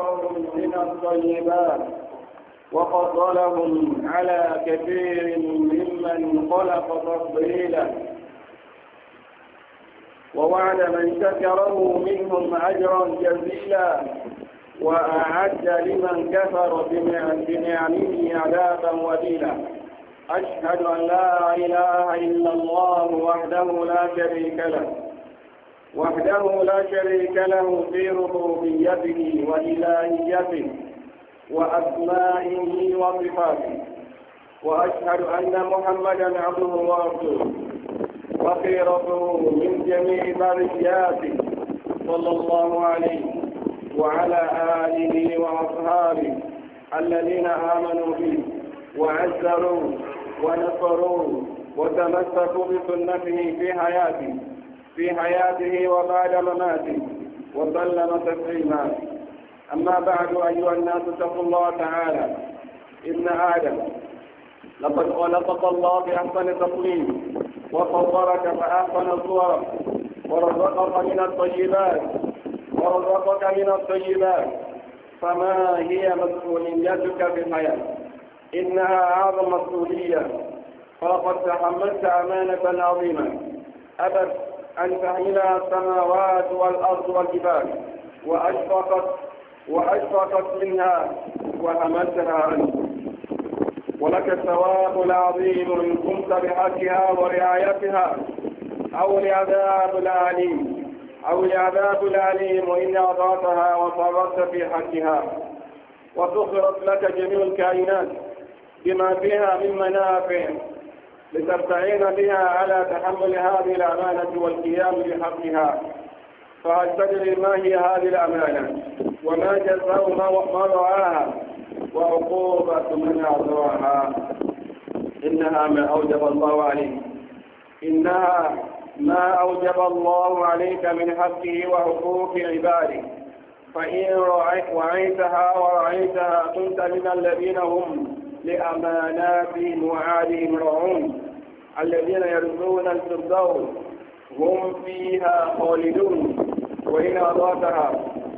أنفقوا من الطيبات وفضلهم على كثير ممن خلق تفضيلا ووعد من شكره منهم أجرا جزيلا وأعد لمن كفر بنعمه عذابا وبيلا أشهد أن لا إله إلا الله وحده لا شريك له وحده لا شريك له في ربوبيته وإلهيته وأسمائه وصفاته وأشهد أن محمدا عبده ورسوله وخيرته من جميع بركاته صلى الله عليه وعلى آله وأصحابه الذين آمنوا به وعزروه ونصروه وتمسكوا بسنته في حياته في حياته وبعد مماته وسلم تسليما أما بعد أيها الناس اتقوا الله تعالى ابن آدم لقد خلقك الله بأحسن تقويم وصورك فأحسن صورك ورزقك من الطيبات ورزقك من الطيبات فما هي مسؤوليتك في الحياة إنها أعظم مسؤولية فلقد تحملت أمانة عظيمة أبت أن فهنا السماوات والأرض والجبال وأشفقت وأشفقت منها وأمدها عنك ولك الثواب العظيم إن قمت بحقها ورعايتها أو العذاب الأليم أو العذاب الأليم إن أضعتها وصرفت في حقها وسخرت لك جميع الكائنات بما فيها من منافع لتستعين بها على تحمل هذه الأمانة والقيام بحقها فهل تدري ما هي هذه الأمانة وما جزاء ما رعاها وعقوبة من أعطاها إنها ما أوجب الله عليك إنها ما أوجب الله عليك من حقه وحقوق عباده فإن رعيتها ورعيتها كنت من الذين هم لأمانات معالمهم الذين يرثون الفردوس هم فيها خالدون وإن أرادها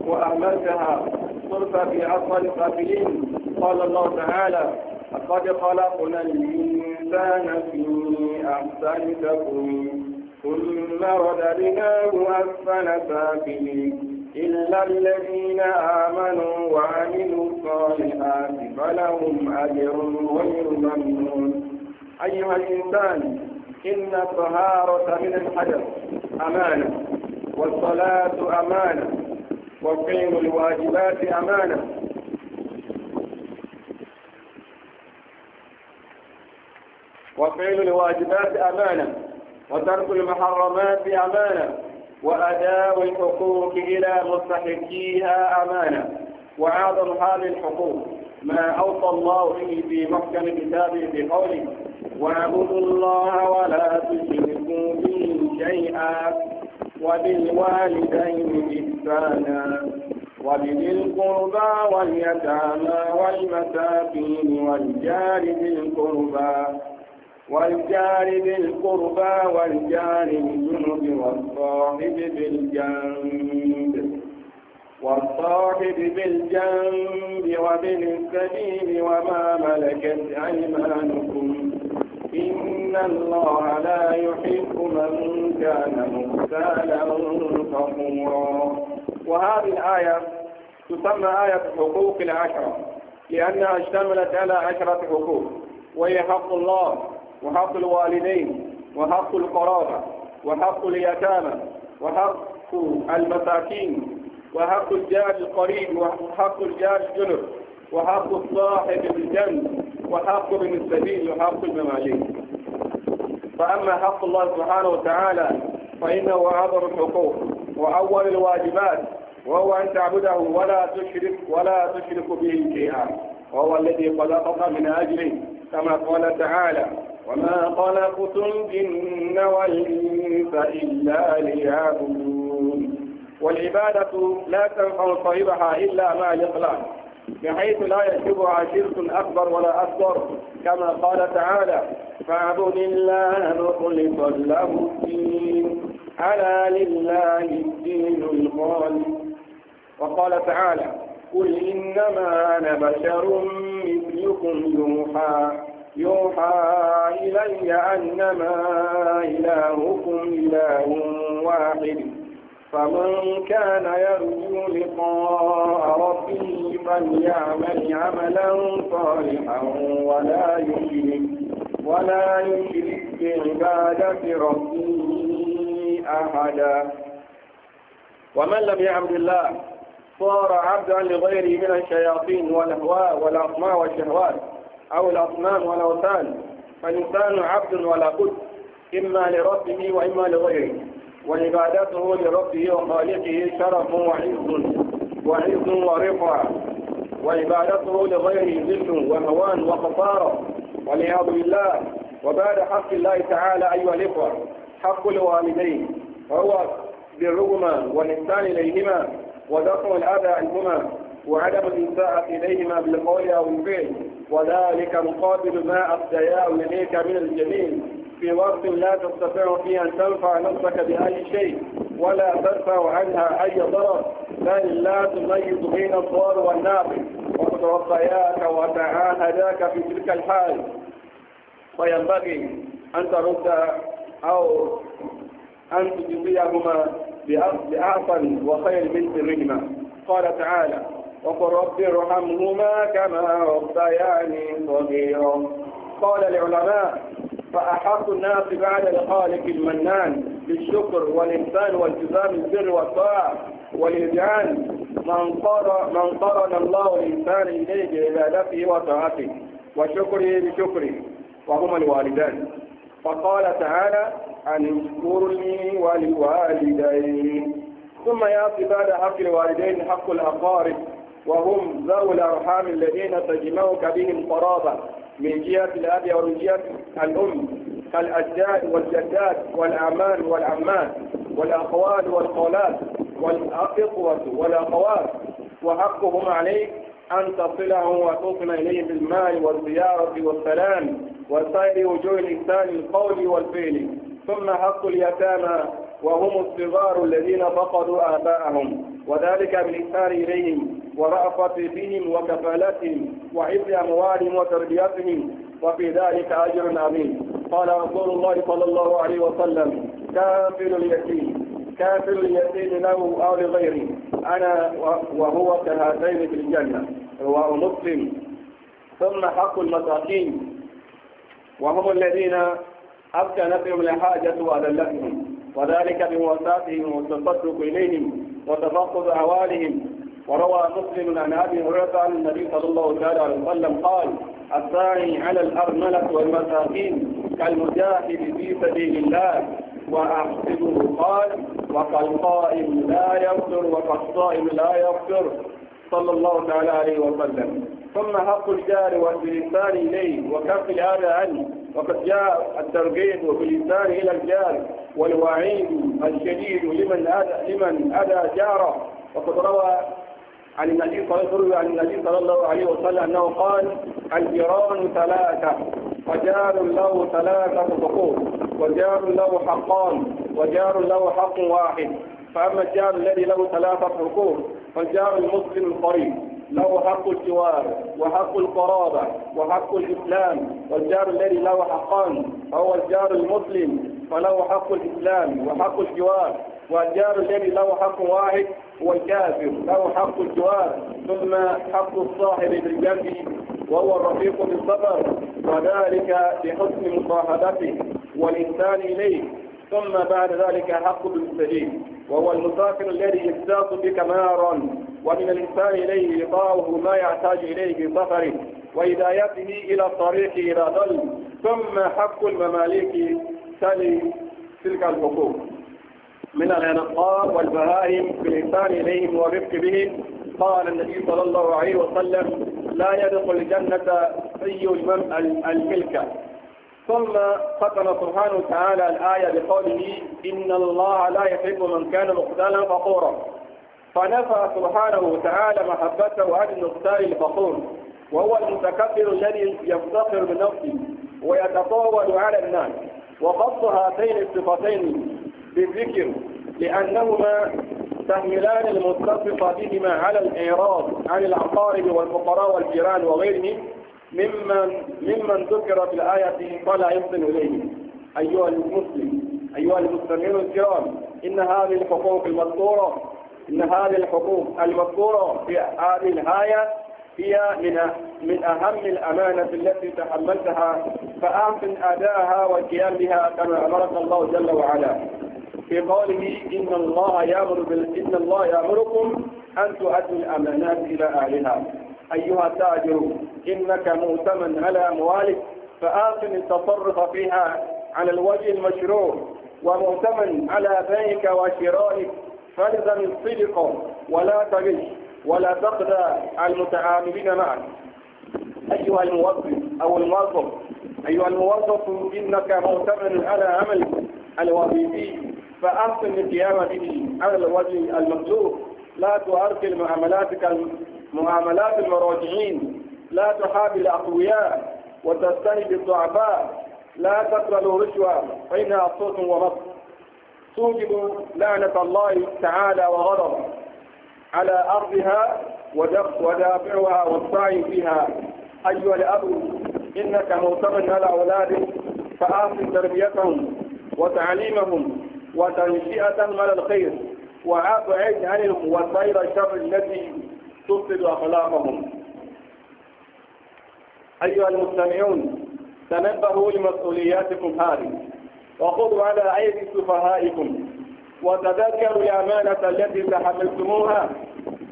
وأهملتها صرف في أصل القابلين قال الله تعالى لقد خلقنا الإنسان في أحسن تقويم ثم رددناه أسفل سافلين إلا الذين آمنوا وعملوا الصالحات فلهم أجر غير ممنون أيها الإنسان إن الطهارة من الحدث أمانة والصلاة أمانة وقيم الواجبات أمانة وفعل الواجبات أمانة وترك المحرمات أمانة وأداء الحقوق إلى مستحقيها أمانة وعظم هذه الحقوق ما أوصى الله به في محكم كتابه بقوله واعبدوا الله ولا تشركوا به شيئا وبالوالدين إحسانا وبذي القربى واليتامى والمساكين والجار ذي القربى والجار بالقربى والجار الجنب والصاحب بالجنب والصاحب بالجنب وابن السبيل وما ملكت أيمانكم إن الله لا يحب من كان مختالا فخورا وهذه الآية تسمى آية حقوق العشرة لأنها اشتملت على عشرة حقوق وهي حق الله وحق الوالدين وحق القرابة وحق اليتامى وحق المساكين وحق الجار القريب وحق الجار الجنب وحق الصاحب بالجنب وحق ابن السبيل وحق المماليك فأما حق الله سبحانه وتعالى فإنه أعظم الحقوق وأول الواجبات وهو أن تعبده ولا تشرك ولا تشرك به شيئا وهو الذي خلقك من أجله كما قال تعالى وما خلقت الجن والإنس إلا ليعبدون والعبادة لا تنفع صاحبها إلا مع الإخلاص بحيث لا يشبهها شرك أكبر ولا أصغر كما قال تعالى فاعبد الله مخلصا له الدين ألا لله الدين الخالص وقال تعالى قل إنما أنا بشر مثلكم يوحى يوحى إلي أنما إلهكم إله واحد فمن كان يرجو لقاء ربه فليعمل عملا صالحا ولا يشرك ولا يشرك بعبادة ربه أحدا ومن لم يعبد الله صار عبدا لغيره من الشياطين والأهواء والأطماع والشهوات أو الأصنام والأوثان فالإنسان عبد ولا بد إما لربه وإما لغيره وعبادته لربه وخالقه شرف وعز وعز ورفعة وعبادته لغيره ذل وهوان وخسارة والعياذ بالله وبعد حق الله تعالى أيها الإخوة حق الوالدين وهو بالرغم والإنسان إليهما ودفع الأذى عنهما وعدم الإنساء إليهما بالقول أو الفعل وذلك مقابل ما أبدياء إليك من الجميل في وقت لا تستطيع فيه أن تنفع نفسك بأي شيء ولا تدفع عنها أي ضرر بل لا تميز بين الضار والنافع وقد ربياك وتعاهداك في تلك الحال فينبغي أن ترد أو أن تجزيهما بأحسن وخير من سرهما قال تعالى وقل رب ارحمهما كما ربياني صغيرا قال العلماء فأحق الناس بعد الخالق المنان بالشكر والإنسان والتزام البر والطاعة والإذعان من قرن, من قرن الله الإنسان إليه بعبادته وطاعته وشكره بشكره وهما الوالدان فقال تعالى أن اشكر لي ولوالدين ثم يأتي بعد حق الوالدين حق الأقارب وهم ذو الأرحام الذين تجمعك بهم قرابة من جهة الأب ومن جهة الأم كالأجداد والجدات والأعمال والعمات والأخوال والخالات والأخوة والأخوات وحقهم عليك أن تصله وتصل إليه بالمال والزيارة والسلام وسائر وجوه الإنسان القول والفعل ثم حق اليتامى وهم الصغار الذين فقدوا آباءهم وذلك بالإحسان إليهم ورأفة بهم وكفالتهم وحفظ أموالهم وتربيتهم وفي ذلك أجر عظيم قال رسول الله صلى الله عليه وسلم كافر اليتيم كافر اليتيم له أو لغيره أنا وهو كهاتين في الجنة رواه مسلم ثم حق المساكين وهم الذين نفسهم الحاجة وأذلتهم وذلك بمواساتهم والتصدق إليهم وتفقد أعوالهم وروى مسلم عن أبي هريرة عن النبي صلى الله عليه وسلم قال الثاني على الأرملة والمساكين كالمجاهد في سبيل الله وأحسبه قال وكالقائم لا يغفر وكالصائم لا يغفر صلى الله تعالى عليه وسلم ثم حق الجار والإنسان إليه وكف هذا عنه وقد جاء الترغيب بالإنسان إلى الجار والوعيد الشديد لمن أدى لمن أدى جاره وقد روى عن النبي صلى الله عليه وسلم عن النبي صلى الله عليه وسلم أنه قال الجيران ثلاثة وجار له ثلاثة حقوق وجار له حقان وجار له حق واحد فأما الجار الذي له ثلاثة حقوق فالجار المسلم القريب له حق الجوار وحق القرابة وحق الإسلام والجار الذي له حقان فهو الجار المسلم فله حق الإسلام وحق الجوار والجار الذي له حق واحد هو الكافر له حق الجوار ثم حق الصاحب بالجنب وهو الرفيق بالصبر وذلك بحسن مصاحبته والإنسان إليه ثم بعد ذلك حق بالمستجيب وهو المسافر الذي يبتاط بك مارا ومن الإنسان إليه إعطاؤه ما يحتاج إليه في سفره وهدايته إلى الطريق إلى ظل ثم حق المماليك تلي تلك الحقوق من الأنقار والبهائم بالإنسان إليهم والرفق بهم قال النبي صلى الله عليه وسلم لا يدخل الجنة أي الملك ثم ختم سبحانه وتعالى الآية بقوله إن الله لا يحب من كان مختالا فخورا فنفى سبحانه وتعالى محبته عن المختال الفخور وهو المتكبر الذي يفتخر بنفسه ويتطاول على الناس وخص هاتين الصفتين بالذكر لأنهما تحملان المتصف بهما على الإعراض عن العقارب والفقراء والجيران وغيرهم ممن ممن ذكر في الآية فلا يحسن إليه أيها المسلم أيها المستمعون الكرام إن هذه الحقوق المذكورة إن هذه الحقوق المذكورة في هذه الآية هي من من أهم الأمانة التي تحملتها فأحسن أداءها والقيام بها كما أمرك الله جل وعلا في قوله إن الله يأمر إن الله يأمركم أن تؤدوا الأمانات إلى أهلها أيها التاجر إنك مؤتمن على أموالك فآثم التصرف فيها على الوجه المشروع ومؤتمن على بيعك وشرائك فلزم الصدق ولا تغش ولا تخدع المتعاملين معك أيها الموظف أو الموظف أيها الموظف إنك مؤتمن على عملك الوظيفي فأحسن القيام به على الوجه المطلوب لا تؤرقل معاملاتك معاملات المراجعين لا تحابي الأقوياء وتستهي الضعفاء لا تقبل رشوة فإنها صوت ونص توجب لعنة الله تعالى وغضب على أرضها ودافعها والسعي فيها أيها الأب إنك مغتم على أولادك فآخذ تربيتهم وتعليمهم وتنشئتهم على الخير وعاف عنهم وسائر الشر التي تفسد أخلاقهم أيها المستمعون تنبهوا لمسؤولياتكم هذه وخذوا على عيد سفهائكم وتذكروا الأمانة التي تحملتموها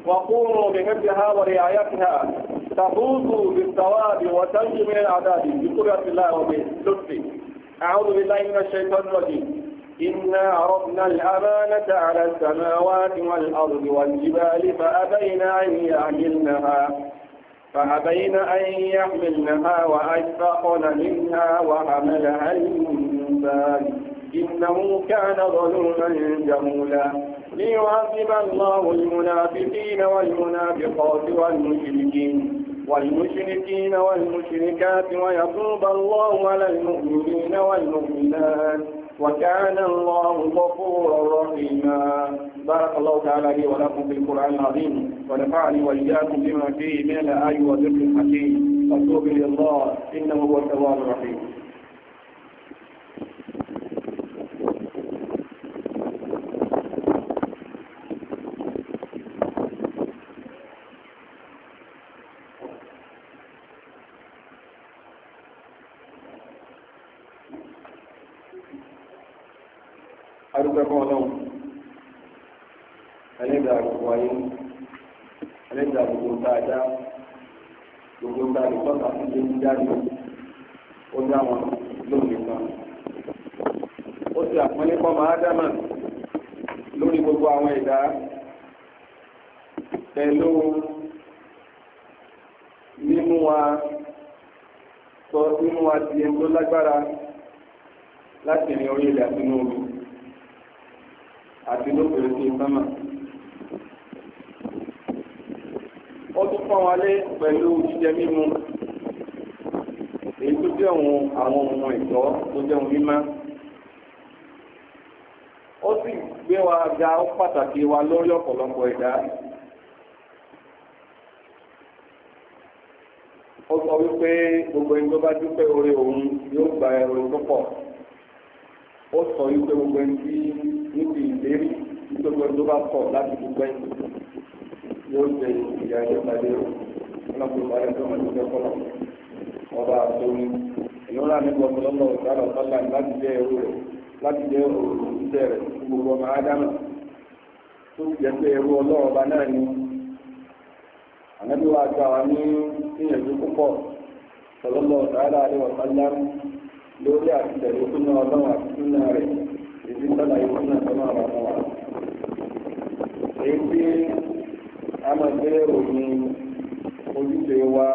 وقوموا بحفظها ورعايتها تفوزوا بالثواب وتنجوا من العذاب بقدرة الله وبلطفه أعوذ بالله من الشيطان الرجيم إنا عرضنا الأمانة على السماوات والأرض والجبال فأبين أن يحملنها فأبين أن يحملنها وأشفقن منها وحملها الإنسان إنه كان ظلوما جهولا ليعذب الله المنافقين والمنافقات والمشركين والمشركين والمشركات ويتوب الله على المؤمنين والمؤمنات وكان الله غفورا رحيما بارك الله تعالى لي ولكم في القرآن العظيم ونفعني وإياكم بما فيه من الآي وذكر الحكيم فاتوب إلى الله إنه هو التواب الرحيم lè tọ́ka sí ilé ní jáde ó dá wọn lóde kan ó ti àpọ́nlé pọ́ máa dámà lórí gbogbo àwọn ẹ̀dá pẹ̀lú mímú wa sọ mímú wa di ẹni tó lágbára láti rìn orí ilẹ̀ àti inú omi àti lókèrè sí ìsámà. pọ́n wọn lé pẹ̀lú jíjẹ mímu èyí tó jẹ́ òun àwọn ohun ẹ̀tọ́ tó jẹ́ òun mímá ó sì gbé wa ga ó pàtàkì wa lórí ọ̀pọ̀lọpọ̀ ẹ̀dá ó sọ wípé gbogbo ẹni tó bá dúpẹ́ orí òun yóò gba ẹrù tó pọ̀ ó sọ wípé gbogbo ẹni tí níbi ìlérí nítorí ẹni tó bá kọ̀ láti dúpẹ́ yóò jẹ ìyá yóò pàdé o ọlọ́pàá ìpàdé tó mọ̀ nígbà kọ́lọ̀ ọba àtọ́ni ìlọ́ra ní gbọmọlọ́lọ́ ìdáàlọ́ sọ́lá láti jẹ́ ẹrú rẹ̀ láti jẹ́ òṣìṣẹ́ rẹ̀ gbogbo ọmọ ádámà tó ti jẹ́ pé ẹrú ọlọ́run ọba náà ni ànábì wa gba wa ní ìyẹ̀dú púpọ̀ sọlọ́lọ́ ìdáàlọ́ àríwọ̀ sọ́lá lórí àtìtẹ̀lé fún fún rẹ̀ máa gbé ìròyìn ojúṣe wa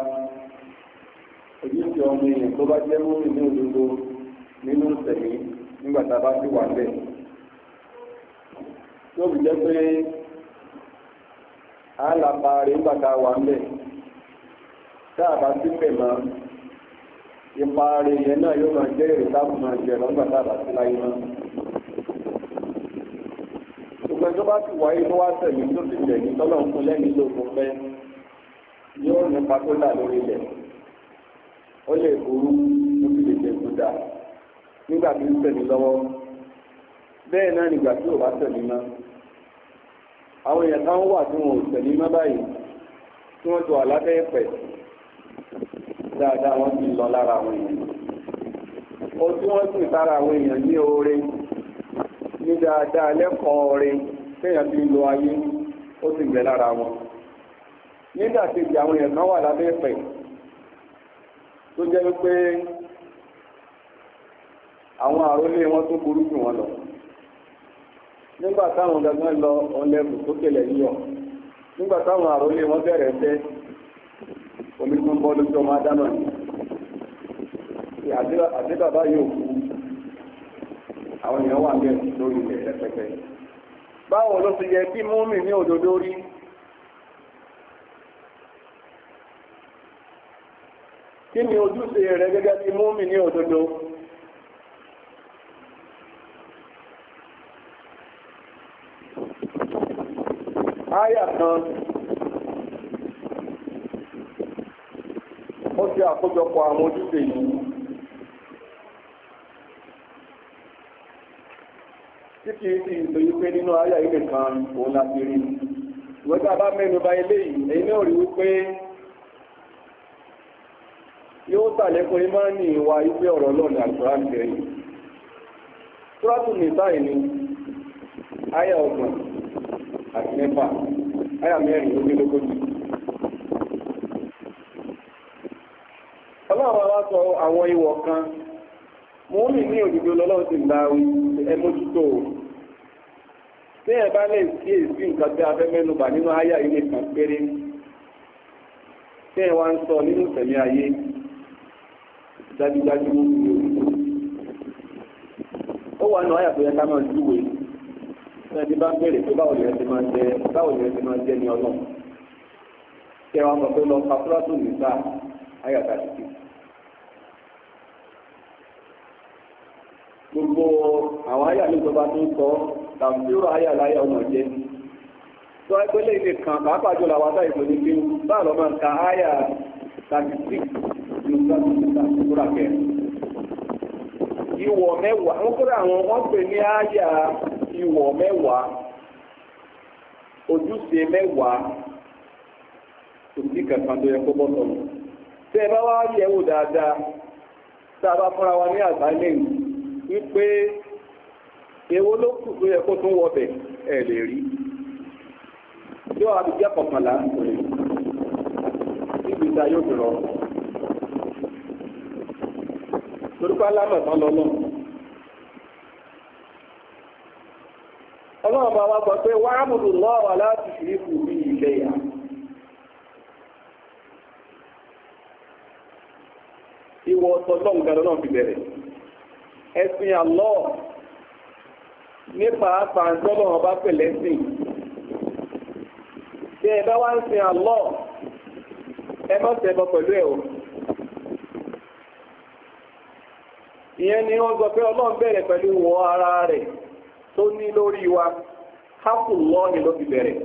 ojúṣe ọmọ èèyàn tó bá jẹ́ lórí ní òdodo nínú ìsẹ̀mí nígbà tá a bá sì wà ń bẹ̀. tó fi jẹ́ pé a ń lapa rẹ̀ nígbà tá a wà ń bẹ̀ tá a bá sí pẹ̀ mọ́ ipa rẹ̀ yẹn náà yóò máa jẹ́ èrè tá máa jẹ lọ́gbà tá láyé náà ẹnìkan tó bá sì wáyé tó wá tẹ̀lé tó sì tẹ̀lé tọ́lọ̀ ń fún lẹ́ni tó fún fẹ́ yóò nípa tó dà lórí ilẹ̀ ó lè burú ó sì lè jẹ tó dà nígbà tí ń tẹ̀lé lọ́wọ́ bẹ́ẹ̀ náà nígbà tí ò bá tẹ̀lé mọ́ àwọn èèyàn kan wà tí wọn ò tẹ̀lé mọ́ báyìí tí wọ́n tó àlábẹ́ ẹ̀pẹ̀ dáadáa wọ́n ti lọ lára àwọn èèyàn ojú wọn sì sára àwọn èèyàn ní oore ní dáadáa lẹ́kọ̀ọ́ oore téèyàn fi lo ayé ó sì gbẹ lára wọn nígbà kejì àwọn èèyàn wà lábẹ́ ẹ̀pẹ̀ tó jẹ́ wípé àwọn àrólé wọn tó burú jù wọn lọ nígbà táwọn gangan lọ tó kẹlẹ̀ yíyọ nígbà táwọn àrólé wọn bẹ̀rẹ̀ omi tó ń bọ́ lójú ọmọ ni àti bàbá yóò kú àwọn èèyàn báwo ló ti yẹ kí múmi ní òdodo rí kí ni ojúṣe rẹ̀ gẹ́gẹ́ bí múmi ní òdodo áyà kan ó ṣe àkójọpọ̀ àwọn ojúṣe yìí kí sí ìtòyí pé nínú ayà ilé kan òun láti rí wọ́ta bá mẹ́nu bà eléyìí èyí náà rí wípé yóò tàlẹ́kùn ìmáàní ìwà ìgbé ọ̀rọ̀ lọ́nà àgbà ni kan mo ń ní òdìdó ti ẹmójútó tí ẹ bá lè kí èsì nǹkan tí a fẹ́ mẹ́nubà nínú àyà ilé kan péré tí ẹ wá ń sọ nínú tẹ̀mí ayé dájúdájú ní òyìnbó ó wà nù àyà tó yẹ ká máa júwe tí ẹ ti bá bẹ̀rẹ̀ pé báwo lè ti máa jẹ báwo lè ti máa jẹ ní ọlọ́run tí ẹ wá sọ pé lọ pa fúlátò nìta àyà tá ti gbogbo àwọn àyà mi tó tó ń sọ tàbílù ayà láyà ọmọ jẹ́ tó ẹgbẹ́lẹ̀ ilé kan pàápàá jọ làwọn àtà ìbò ní pé báà lọ máa ka ayà 36 ní ìgbàlódé kẹrin ìwọ̀ mẹ́wàá wọ́n kúrò àwọn wọ́n pè ní ayà ìwọ̀ mẹ́wàá ojúṣe mẹ́wàá kò sí kankan tó yẹ kó bọ́ sọ̀rọ̀ tẹ́ ẹ bá wá yẹ̀wò wa ní àgbáyé wípé ewo ló kù tó yẹ kó tún wọbẹ̀ ẹ̀ lè rí yóò àbíjẹ́ kọ̀kànlá níbi ìta yóò fi rọrùn torípa lámọ̀ tán lọ́lọ́ ọlọ́run bá wá sọ pé wà á lọ́wọ́ láti fi kù bí ilẹ̀ yà nípa àpàǹtọ́lọ̀ ọba pẹ̀lẹ́ sí ṣe ẹ̀bá wá ń sin àlọ́ ẹ má ṣẹbọ pẹ̀lú ẹ̀ o ìyẹn ni wọ́n sọ bẹ̀rẹ̀ pẹ̀lú wọ ara rẹ̀ tó ní lórí wa hápù lọ́ọ̀nì ló fi bẹ̀rẹ̀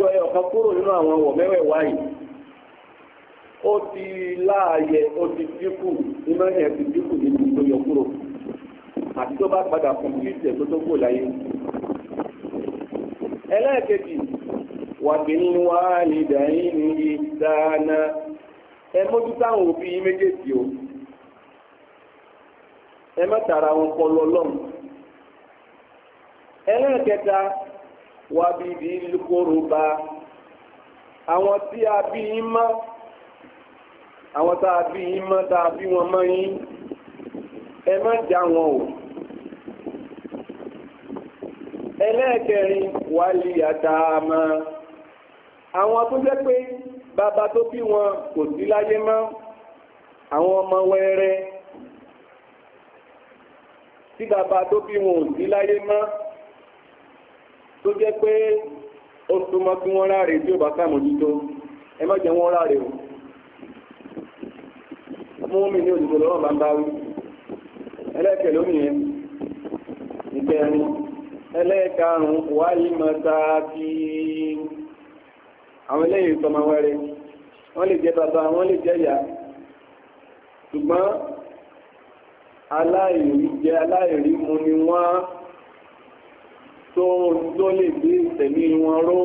yọ ẹ ọ̀kan kúrò nínú àwọn ọ̀wọ̀ yìí ó ti ó ti dínkù ti dínkù nínú àti tó bá padà kọ̀m̀pútì tó tó kò láyé. ẹlẹ́ẹ̀kejì wà bí ní wá ní ìdáyín ní ìdáná ẹ mójú táwọn òbí méjèèjì o ẹ mẹ́tara wọn kọ lọ lọ́mù. ẹlẹ́ẹ̀kẹta wà bí bí lukoro ba àwọn tí a bí yín mọ́ àwọn tá a bí yín mọ́ tá a bí wọn mọ́ yín ẹ má já wọn o ẹlẹ́ẹ̀kẹrin wálé àtàmà àwọn tó jẹ́ pé bàbá tó bí wọn kò sí láyé mọ́ àwọn ọmọ wẹrẹ tí bàbá tó bí wọn ò sí láyé mọ́ tó jẹ́ pé ó súnmọ́ kí wọ́n ráre tí ó bá sàmójútó ẹ má jẹ́ wọ́n ráre o mú mi ní òdìbò lọ́wọ́ bá ń bá wí ẹlẹ́ẹ̀kẹ̀ lónìí ìkẹrin ẹlẹ́ẹ̀karùn-ún wáyé mọ́ta kí àwọn eléyìí sọmọ wẹ́rẹ́ wọ́n lè jẹ́ bàbá wọ́n lè jẹ́ ìyá ṣùgbọ́n aláìrí jẹ aláìrí mu ni wọ́n tó tó lè gbé ìtẹ̀mí wọn ró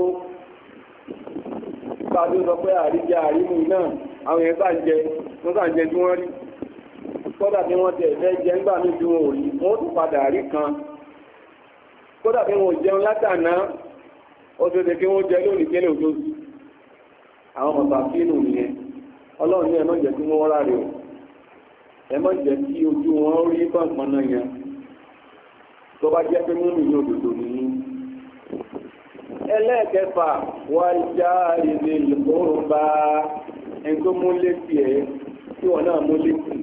sáájú sọ pé àríjẹ àrímú náà àwọn èèyàn sáà jẹ wọ́n sáà jẹ tí wọ́n rí kọ́dà tí wọ́n tẹ̀ fẹ́ jẹ nígbà míì tí wọ́n ò rí wọ́n tún padà rí kan kódà bí wọn jẹun látàná ó ti ṣe kí wọ́n jẹ lónìí kí lóòjó àwọn ọ̀tà fínú nìyẹn ọlọ́run ní ẹ̀mọ́ jẹ́ kí wọ́n rà rẹ̀ o ẹ̀mọ́ jẹ́ kí ojú wọn rí bọ̀ǹpọ̀nà yẹn tó bá jẹ́ pé múmi ní òdòdó nìyí ẹlẹ́ẹ̀kẹfà wà já ilé ìlúkọ́rùn ẹni tó mú létí ẹ̀ tí wọ́n náà mú létí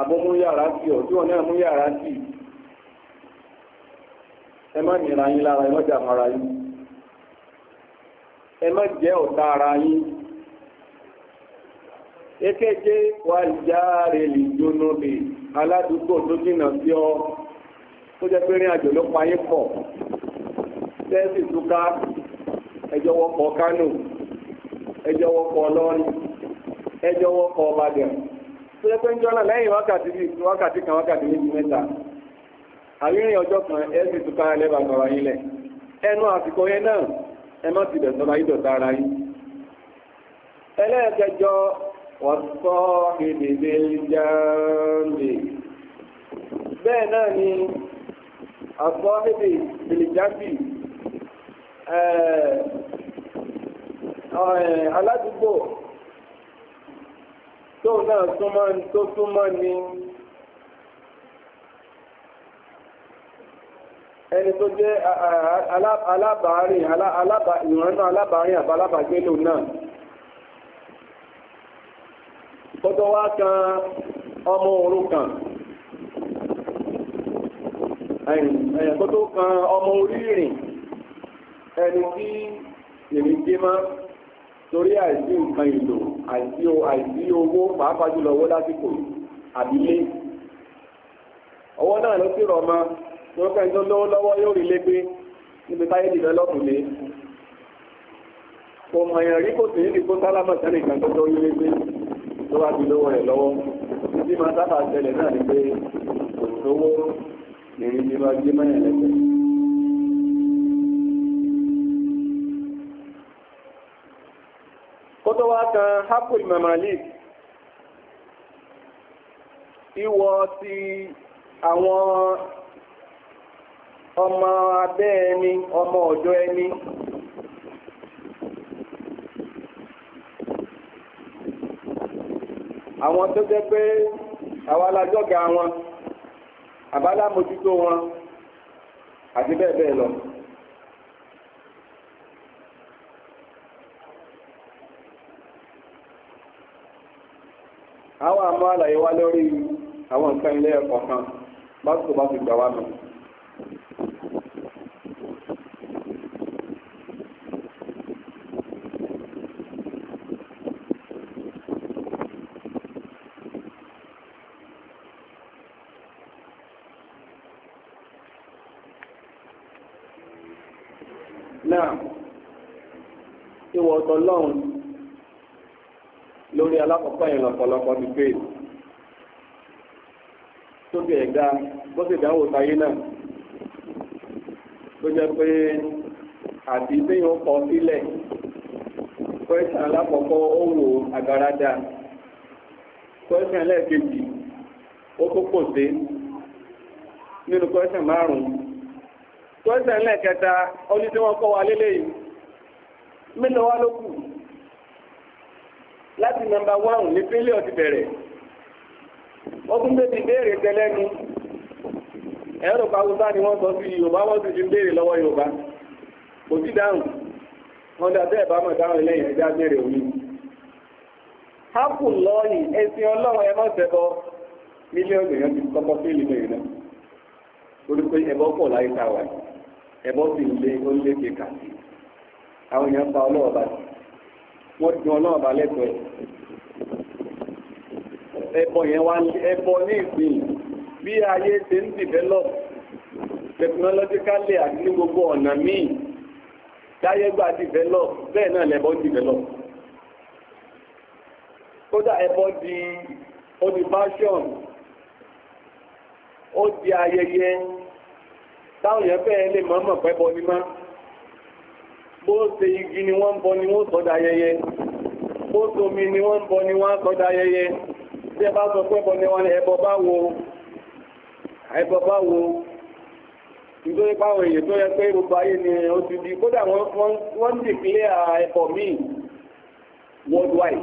àbọ̀mú sí ọ̀ tí wọ́n náà mú yàrá sí ọ̀ ẹ má nira yín lára ẹ má jà mara yín ẹ má jẹ́ ọ̀tá ara yín ekeje wà járe lè jóná lè aládùúgbò tó jìnnà sí ọ tó jẹ́ pé rin àjò ló payé pọ̀ tẹ́sì túká ẹjọ́ wọkọ̀ Kánò ẹjọ́ wọkọ̀ Ọlọ́rin ẹjọ́ wọkọ̀ Ìbàdàn tó jẹ́ pé ń jọ́nà lẹ́yìn wákàtí kan wákàtí méjì mẹ́ta àríyìn ọjọ́ kan ẹ̀sìn tó kára lẹ́bà sọ̀rọ̀ yín lẹ̀ ẹnu àsìkò yẹn náà ẹ má ti dẹ̀sọ́ra yín dọ̀tá ara yín ẹlẹ́ẹ̀kẹjọ wọ́sọ́ ìdèdè jáàmì bẹ́ẹ̀ náà ni àsọ́ ìdè ìlìjáàmì aládùúgbò tó náà súnmọ́ ni ẹni tó jẹ́ alábàárín ìrànlọ́nà alábàárín àbálábàgbélò náà tọ́tọ́ wá kan ọmọ òrukàn ẹ̀yìn tó tó kan ọmọ orí ìrìn ẹni tí èmi gé máa torí àìsí nǹkan ìlò àìsí owó pàápàá jùlọ owó lásìkò àbílé ọwọ́ náà ló sì rọ̀ máa tó pẹ́ tó lówó lọ́wọ́ yóò rí lé pé níbi táyé dìvẹ́lọ́pù lé kò mọ̀ èèyàn rí kò sí ní kó sálámà sẹ́nì kan tó tó yúrí pé tó wá fi lówó rẹ̀ lọ́wọ́ ni pé kò sówó ìrìn ní máa gbé mẹ́rin lẹ́sẹ̀ àwọn ọmọ abẹ́ ẹni ọmọ ọ̀dọ̀ ẹni àwọn tó jẹ́ pé àwọn alájọ́gà wọn àbálámojútó wọn àti bẹ́ẹ̀ bẹ́ẹ̀ lọ àwọn àmọ́ àlàyé wá lórí àwọn nǹkan ilé ẹ̀kọ̀ọ̀kan bá tó bá ti gbà wá mi tọlọ́run lórí alákọ̀ọ́kọ́ yẹn lọ́pọ̀lọpọ̀ ti pé tó ti ẹ̀dá bó ti dáwò sáyé náà tó jẹ́ pé àti téèyàn kọ sílẹ̀ kwẹ́sàn alákọ̀ọ́kọ́ ó wò àgàràdà kwẹ́sàn ẹlẹ́ẹ̀kejì ó tó pò sí nínú kwẹ́sàn márùn-ún kwẹ́sàn ẹlẹ́ẹ̀kẹta ó ní tí wọ́n kọ́ wa lélẹ́yìí mélòó wá ló kù láti nọ́mbà wáhùn ní pélé ọ̀tí bẹ̀rẹ̀ ó tún bẹ́ẹ̀ ti béèrè tẹ́lẹ̀ ni ẹ̀rọ pàwùsá ni wọ́n sọ sí Yorùbá wọ́n sì ti ń béèrè lọ́wọ́ Yorùbá kò sí dáhùn wọ́n dá bẹ́ẹ̀ bá mọ̀ dáhùn lẹ́yìn ẹja béèrè omi hápù lọ́ọ̀yìn ẹ̀sìn ọlọ́run ẹ má ṣẹbọ mílíọ̀nù èèyàn ti kọ́kọ́ sí ìlú èèyàn náà torí pé ẹbọ pọ̀ láyé táwa ẹbọ sì ń lé ó ń lé kéka àwọn èèyàn pa ọlọ́ọ̀bá wọ́n dun ọlọ́ọ̀bá lẹ́tọ̀ọ́ ẹbọ yẹn wá ẹbọ ní ìsìn bí ayé ṣe ń develop technologically àti ní gbogbo ọ̀nà míì dáyẹ́gbà develop bẹ́ẹ̀ náà lẹ́bọ develop kódà ẹbọ di ó di fashion ó di ayẹyẹ táwọn yẹn fẹ́ẹ́ lè mọ́mọ́ pẹ́bọ ní máa bó ṣe igi ni wọ́n ń bọ ni wọ́n sọ́dá ayẹyẹ bó ṣomi ni wọ́n ń bọ ni wọ́n sọ́dá ayẹyẹ tí ẹ bá sọ pé ẹbọ ni wọ́n ní ẹbọ bá wo ẹbọ bá wo nítorí páwọn èyí tó yẹ pé gbogbo ayé ni ó ti di kódà wọ́n ń dìpílẹ̀ ẹbọ míì worldwide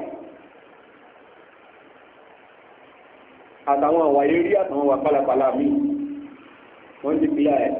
àtàwọn àwàyé rí àtàwọn wà pálapàla míì wọ́n ń dìpílẹ̀ ẹbọ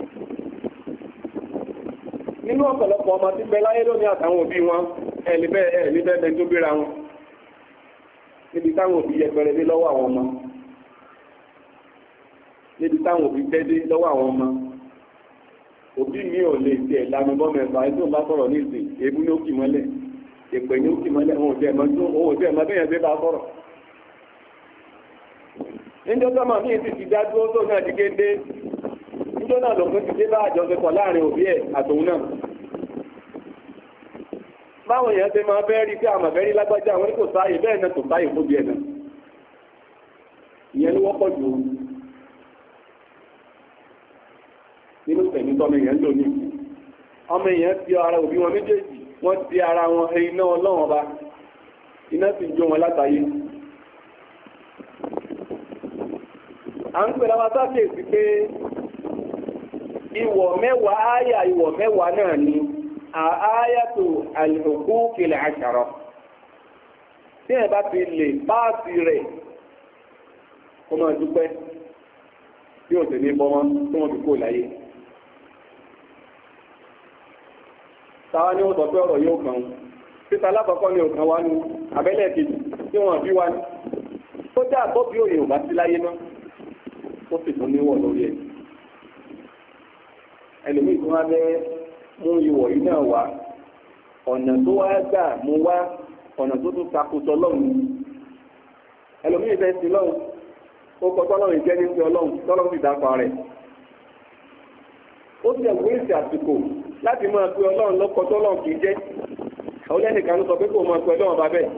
nínú ọ̀pọ̀lọpọ̀ ọmọ tí bẹláyé lónìí àtàwọn òbí wọn ẹ̀lẹ́bẹ̀ ẹ̀lẹ́bẹ̀ tó gbéra wọn níbi táwọn òbí yẹpẹrẹ dé lọ́wọ́ àwọn ọmọ níbi táwọn òbí tẹ́ dé lọ́wọ́ àwọn ọmọ òbí mi ò lè tiẹ̀ lanu bọ́ mẹ́fà ẹgbẹ́ bá sọ̀rọ̀ ní ìsìn ebú ní ó kì mọ́lẹ̀ ìpè ní ó kì mọ́lẹ̀ òun ò tẹ̀ mọ́ tó òun ò tẹ̀ mọ́ bẹ́yẹn bá sọ̀rọ̀ níjọ́ sọ́mọ́ mi ti ti dá dúró tó náà ti kéde tó náà lòpin ti dé bá àjọṣepọ̀ láàrin òbí ẹ̀ àtòun náà báwọn èèyàn ṣe máa bẹ́ẹ̀ rí sí àmọ̀ bẹ́ẹ̀ rí lágbájá àwọn oníkò sáàyè bẹ́ẹ̀ náà tó sáàyè fóbi ẹ̀ náà ìyẹn ló wọ́pọ̀ jù nínú tẹ̀mí tọ́mọ èèyàn lò ní ọmọ èèyàn ti ara òbí wọn méjèèjì wọ́n ti ara wọn iná ọlọ́wọ́n ba iná sì jó wọn látàyè à ń pè lọ́wọ́ sáàkè pé ìwọ̀ mẹ́wàá áyà ìwọ̀ mẹ́wàá náà ni àáyàtò àlùkù kìlẹ̀ àṣàrọ̀ tí ẹ̀ bá ti lè páàsì rẹ̀ ó máa dúpẹ́ tí ó sì ní bọ́ wọn tí wọ́n fi kó láyé táwa ni ó sọ pé ọ̀rọ̀ yóò kàn ún títa alákọ̀ọ́kọ́ ni òkàn wá nu abẹ́lẹ̀ kejì tí wọ́n bí wá ní kó dá àbọ́bí òye sí láyé náà ó sì tún níwọ̀ lórí ẹ̀ ẹlòmíì tó wá bẹ́ẹ̀ mú ìwọ̀ yìí náà wá ọ̀nà tó wá gbà mú wá ọ̀nà tó tún takùtọ̀ lọ́hùn ẹlòmíì fẹ́ sí lọ́hùn ó kọ tọ́lọ́run ìjẹ́ ní ti ọlọ́hùn tọ́lọ́run ìdápa rẹ̀ ó ti ẹ̀wọ́ èsì àsìkò láti máa pe ọlọ́run lọ́kọ tọ́lọ́run kì í jẹ́ àwọn ẹnìkan ló sọ pé kò máa pe ọlọ́run bá bẹ́ẹ̀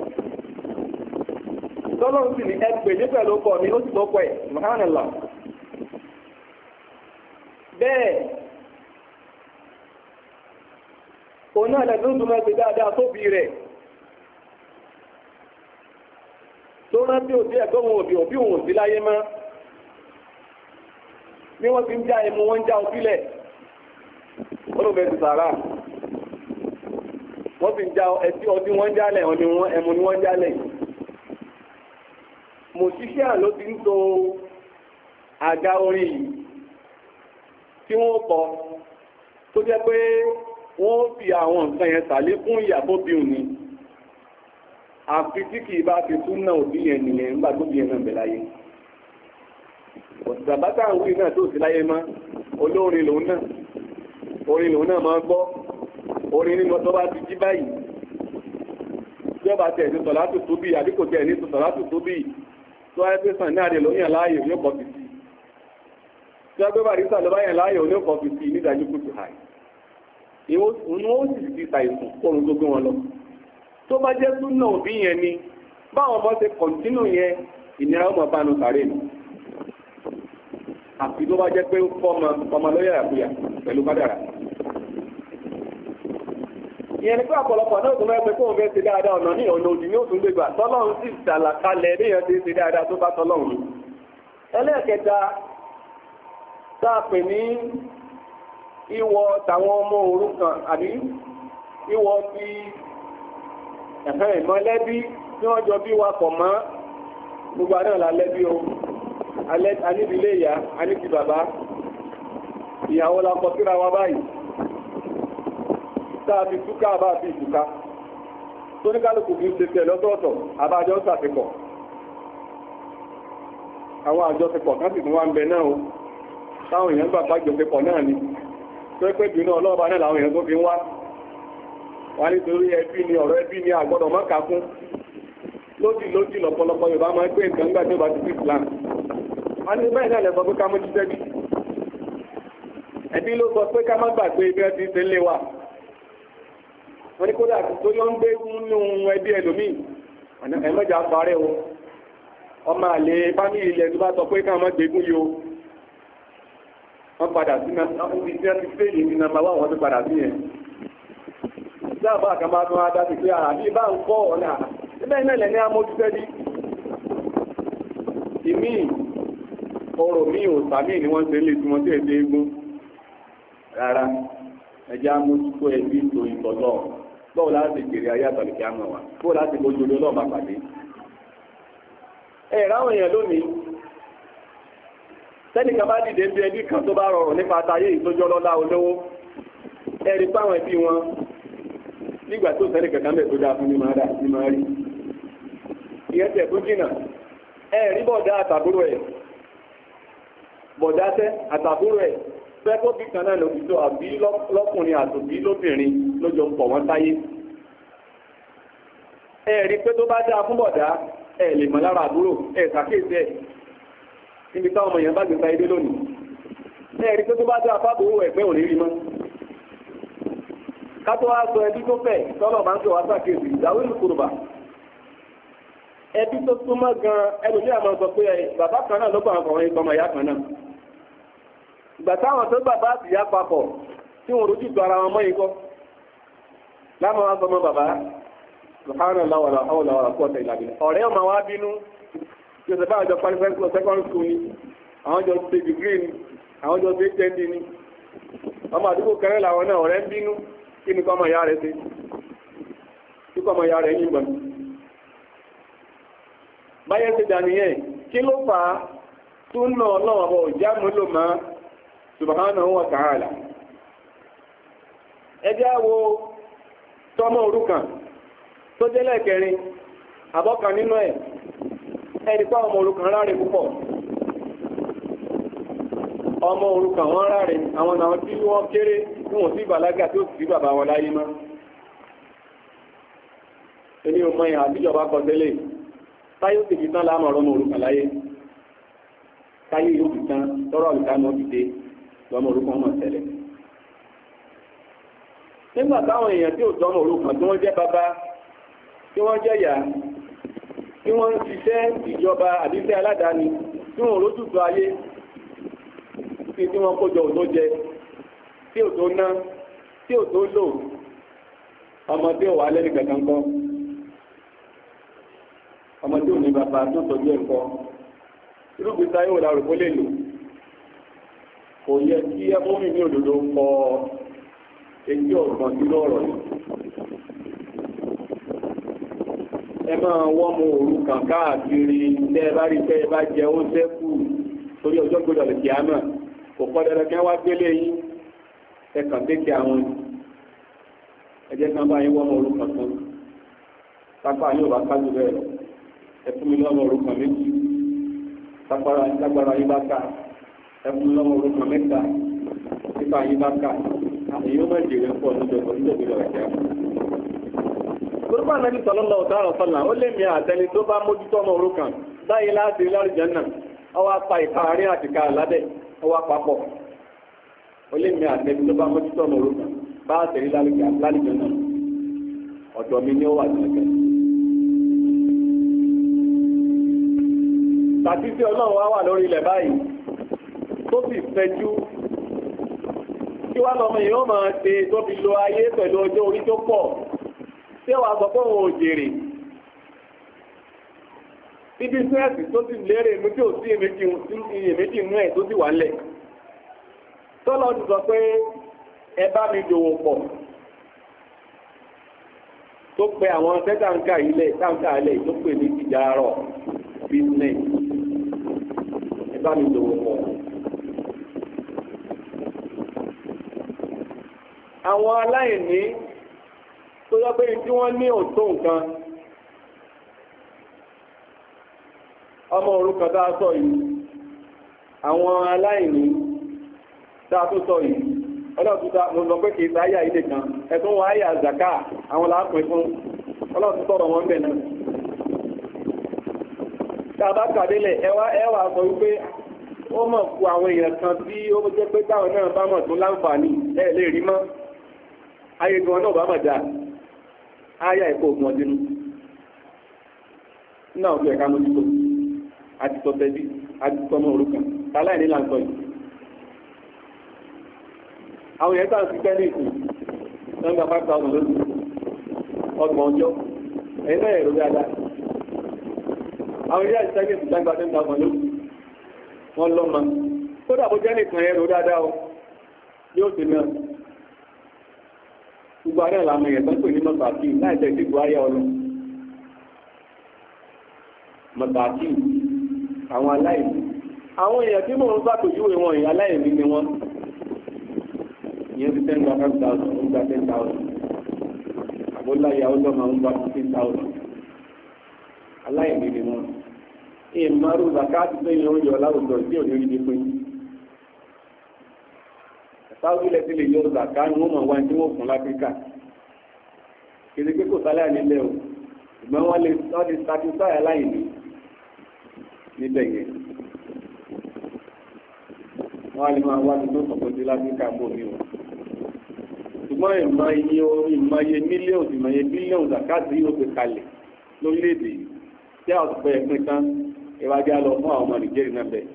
tọ́lọ́run sì ní ẹgbẹ́ ní pẹ̀lú ọkọ mi ó sì lọ́kọ ẹ̀ mọ̀hánàlá bẹ́ẹ̀ òun náà lẹ́nu tó máa gbé dáadáa tóbi rẹ̀ tó rántí òbí ẹ̀gbọ́n wọn òbí òbí òun òbí láyé mọ́ bí wọ́n ti ń já ẹmu wọ́n ń já òbílẹ̀ olóògbé ti sàárà wọ́n tó jẹ́ pé wọ́n fi àwọn nǹkan yẹn tàlé fún ìyàbó bí òní àfi tí kìí bá ti tún náà òbí yẹn nìyẹn nígbà tó bí yẹn náà bẹ̀ láyé bàbátà ń wí náà tó sí láyé má olórin lòun náà orin lòun náà máa gbọ́ orin nínú tó bá ti jí báyìí tí ó bá tẹ̀ ní sọ̀látù tó bí àdíkò tẹ̀ ní sọ̀látù tó bí tó ayé ni wọ́n sì ti ṣàìsùn oorun tó gbé wọn lọ tó bá jẹ́ súnà òbí yẹn ni báwọn ọmọ ṣe kọ̀ǹtínù yẹn ìnira ọmọ bánu sàárè nù àfi tó bá jẹ́ pé fọ́mọ ọmọ lọ́yà àkúyà pẹ̀lú kádàrà ìyẹn ni pé ọ̀pọ̀lọpọ̀ náà tó mẹ́gbẹ́ kóhun fẹ́ ṣe dáadáa ọ̀nà ní ọ̀nà òdì ní òtún gbégbà tọ́lọ́run sì ṣàlàkalẹ̀ ìwọ tàwọn ọmọ òrukàn àbí ìwọ ti ẹ̀fẹ́ ìmọ̀lẹ́bí tí wọ́n jọ bí wa pọ̀ mọ́ gbogbo àná la lẹ́bí o anídìílé ìyá anídìí bàbá ìyàwó la kọ síra wa báyìí tá a fi túká àbá àfi ìtúká tóníkálùkù kì í ṣe tẹ̀ lọ́tọ̀ọ̀tọ̀ àbájọ́ ṣàfikọ̀ àwọn àjọṣepọ̀ kan sì tún wá ń bẹ náà o táwọn èèyàn gbà bá jọṣepọ̀ náà ni tó pé bínú ọlọ́ọ̀bá náà làwọn èèyàn tó fi ń wá wá nítorí ẹbí ni ọ̀rọ̀ ẹbí ni àgbọ́dọ̀ fún lójì lójì lọ́pọ̀lọpọ̀ Yorùbá máa gbà tó bá ti fi plan ní bẹ́ẹ̀ náà pé ká mú bí ẹbí ló sọ pé o wọ́n padà sí ibi tí wọ́n ti fẹ́ yìí ní nàmbà wọ́n ti padà sí yẹn sáàbà àkàmà tó wá dájú pé àbí ah, bá ń kọ́ ọ̀nà ilẹ̀ ìmẹ̀lẹ̀ ní amójútẹ́ bí ìmí ọrọ̀ mí ò sàmí ni wọ́n ṣe lè túnmọ́ sí èdè eégún rárá ẹjẹ́ amójútó ẹbí tó ìtọ́lọ́ bọ́ọ̀ láti gèrè ayé àtàlùkẹ́ àmọ̀ wa bọ́ọ̀ láti bójú olóòlọ́ọ̀bà pàdé ẹ̀ráwọ̀ èèyàn lónìí tẹ́nìkan bá dìde bí ẹbí kan tó bá rọrùn nípa tayé ìtójọ́ lọ́lá olówó ẹ̀rí páwọn ẹbí wọn nígbà tó sẹ́ni kankan bẹ̀ tó dáa fún ní máa dà ní máa rí ìyẹn tẹ̀ tó jìnà ẹ̀rí bọ̀dá àtàbúrò ẹ̀ bọ̀dá tẹ́ àtàbúrò ẹ̀ fẹ́ tó bí kan náà lòdì tó àbí lọ́kùnrin àtòbí lóbìnrin lójó pọ̀ wọ́n táyé ẹ̀rí pé tó bá dáa fún bọ̀dá ẹ̀ lè mọ̀ lára àbúrò ẹ̀ sàkéèsì ẹ̀ níbi táwọn ọmọ èèyàn bá gbẹ̀ta ilé lónìí ẹ̀rí tó tó bá jẹ́ àfábòwò ẹ̀gbẹ́ òní rí mọ́ ká tó wá sọ ẹbí tó fẹ̀ tọ́lọ̀ máa ń sọ wá sàkéèsì ìdáwó ìlú kùrùbà ẹbí tó súnmọ́ gan ẹlòmí àmọ́ sọ pé bàbá kan náà ló gbà àwọn ọkùnrin ọmọ ìyá kan náà ìgbà táwọn tó bàbá àti ìyá papọ̀ tí wọ́n rojú tó ara wọn mọ́ ikọ́ láwọn ọmọ bàbá subhanallah wala hawla ọ̀rẹ́ ọmọ wa bínú jọ̀sẹ̀ bá àjọ parí fẹ́ńkọ̀ secondary school ni àwọn jọ ṣe degree ni àwọn jọ ṣe hnd ni ọmọ àdúgbò kẹrẹ làwọn náà ọ̀rẹ́ ń bínú kí ni kọ́ ọmọ ìyá rẹ̀ ṣe kí kọ́ ọmọ ìyá rẹ̀ yìnbọn báyẹ̀ ṣe dà nìyẹn kí ló fà á tó ń nà ọlọ́wọ́ ọ̀bọ̀ ìjà múlò mọ́ subhanahu wa ta'ala ẹjẹ́ wo tọmọ òrukàn tó jẹ́ lẹ́ẹ̀kẹrin àbọ́kan nínú ẹ̀ ẹni pé ọmọ òrukàn ráre púpọ̀ ọmọ òrukàn wọn ráre àwọn àwọn tí wọ́n kéré tí wọ́n sí ìbàlágà tí ó sì bàbá wọn láyé mọ́ ẹni ò mọ ìhà tíjọba kọ tẹ́lẹ̀ táyé ó sì fi tán láàmọ̀ ọmọ òrukàn láyé táyé yóò fi tán tọ́rọ̀ ìdáná ti dé lọ́mọ òrukàn mọ̀ tẹ́lẹ̀ nígbà táwọn tí wọ́n ń ṣiṣẹ́ ìjọba àdíṣẹ́ aládàáni tí wọ́n lójútó ayé tí tí wọ́n kójọ òtó jẹ tí ò tó ná tí ò tó lò ọmọ tí ò wà lẹ́nu kankan kọ́ ọmọ tí ò ní bàbá tó tọ́jú ẹ̀ kọ́ irúgbìn táyé wò lárò kó lè lò kò yẹ kí ẹkún mi ní òdòdó kọ etí ọ̀gbọ̀n sí lọ́rọ̀ yìí ẹ máa wọ́n mu òru kàn káàkiri tẹ́ ẹ bá rí tẹ́ ẹ bá jẹ ó sẹ́kù torí ọjọ́ gbọdọ̀ lè kíámà kò pọ́ dandan kí wọ́n gbélé yín ẹ kàn kéèké àwọn ẹ jẹ́ kán bá yín wọ́n mu òru kàn kan lápá yóò bá kájú bẹ́ẹ̀ lọ ẹ fún mi lọ́mọ òru kàn méjì lágbára yín bá ká ẹ fún mi lọ́mọ òru kàn mẹ́ta nípa yín bá ká èyí ó má jèrè torípa nàbí sọlọ́lọ́ ọ̀tàrà ọ̀sọ́là ó lè mi àtẹni tó bá mójútó ọmọ òrukàn báyìí láti lárìjẹ́ náà ọwọ́ apá ìparí àti ká aládẹ́ ọwọ́ apapọ̀ ó lè mi àtẹni tó bá mójútó ọmọ òrukàn bá àtẹni lárìjẹ́ náà ọ̀dọ̀ mi ni ó wà jẹ́jẹ́ tàbí tí ọlọ́run wá wà lórí ilẹ̀ báyìí tó sì fẹjú kí wá lọ́mọ yìí ó máa ṣe tó fi lo ayé pẹ̀lú ọjọ́ orí tó pọ̀ tí wà sọ pé òun òjèrè tí bísínẹ́sì tó sì lérè mú tí ò sí iyèméjì inú ẹ̀ tó sì wà lẹ̀ tọ́lọ́ ti sọ pé ẹ bá mi dòwò pọ̀ tó pe àwọn tẹ́tàǹkà ilẹ̀ tàǹkà ilẹ̀ tó pè ní ìjárọ̀ business ẹ bá mi dòwò pọ̀ àwọn aláìní yọ pé tí wọ́n ní òtó nǹkan ọmọ òrukàn tá a sọ yìí àwọn aláìní tá a tó sọ yìí ọlọ́tútà mo sọ pé kìí sáyà ilé kan ẹ̀tún wọ́n áyà zaka àwọn láàpin fún ọlọ́tútọ̀rọ̀ wọn bẹ̀ náà tàbá kàdélẹ̀ ẹwà ẹwà sọ wípé ó mọ̀ fún àwọn èèyàn kan tí ó jẹ́ pé táwọn náà bá mọ̀ tó láǹfààní ẹ̀ lè rí mọ́ ayé gan náà bá mọ̀ dáa áyà ẹ̀kọ́ ogun ọdún nù nínú àwọn ọ̀gbìn ẹ̀ka mójútó àtìsọ tẹ̀bí àtìsọ ọmọ òrukàn tàláì ní làǹtọ̀ yìí àwọn yẹn sáà ń ṣiṣẹ́ ní ìsìn nọ́mbà five thousand lóṣù ọgbọ̀n ọjọ́ ẹ̀yin náà èrò dáadáa àwọn ilé àti sẹ́yìn ìsìn gba ten thousand lóṣù wọ́n lọ́mọ kódà bó jẹ́ nìkan ẹ̀rọ dáadáa o yóò ti náà gbogbo ara ẹ̀ làwọn èèyàn tó ń pè ní mọ̀tàkì láì jẹ́ ìdìbò ayé ọlọ́ mọ̀tàkì àwọn aláìní àwọn èèyàn tí mò ń sàpèjúwe wọn ìyá aláìní ni wọn ìyẹn ti ten gba five thousand ó gba ten thousand àbóláyà ó lọ́mọ ó gba fifteen ni wọn ìmọ̀rú zakati tó yẹ oúnjẹ ọ̀làwùjọ tí ò sáwọ́dí lẹ́sí lè yọ zàká ní wọ́n mọ̀ wá tí wọ́n fún láfíríkà kìí pé kò sálẹ̀ nílẹ̀ o ìgbọ́n wọ́n lè sọ́ọ́dí satisfy aláìní níbẹ̀ yẹn wọ́n á lè máa wá tuntun sọ̀tọ̀ sí láfíríkà bò mí o ṣùgbọ́n ìmọ̀ iye orin ìmọ̀ iye mílíọ̀nù ìmọ̀ iye bílíọ̀nù zàká sí yóò fi kalẹ̀ lórílẹ̀-èdè yìí tí a ọ̀sùn pẹ̀lú pín tán ìwájú á lọ fún àwọn ọmọ Nàìjíríà náà bẹ̀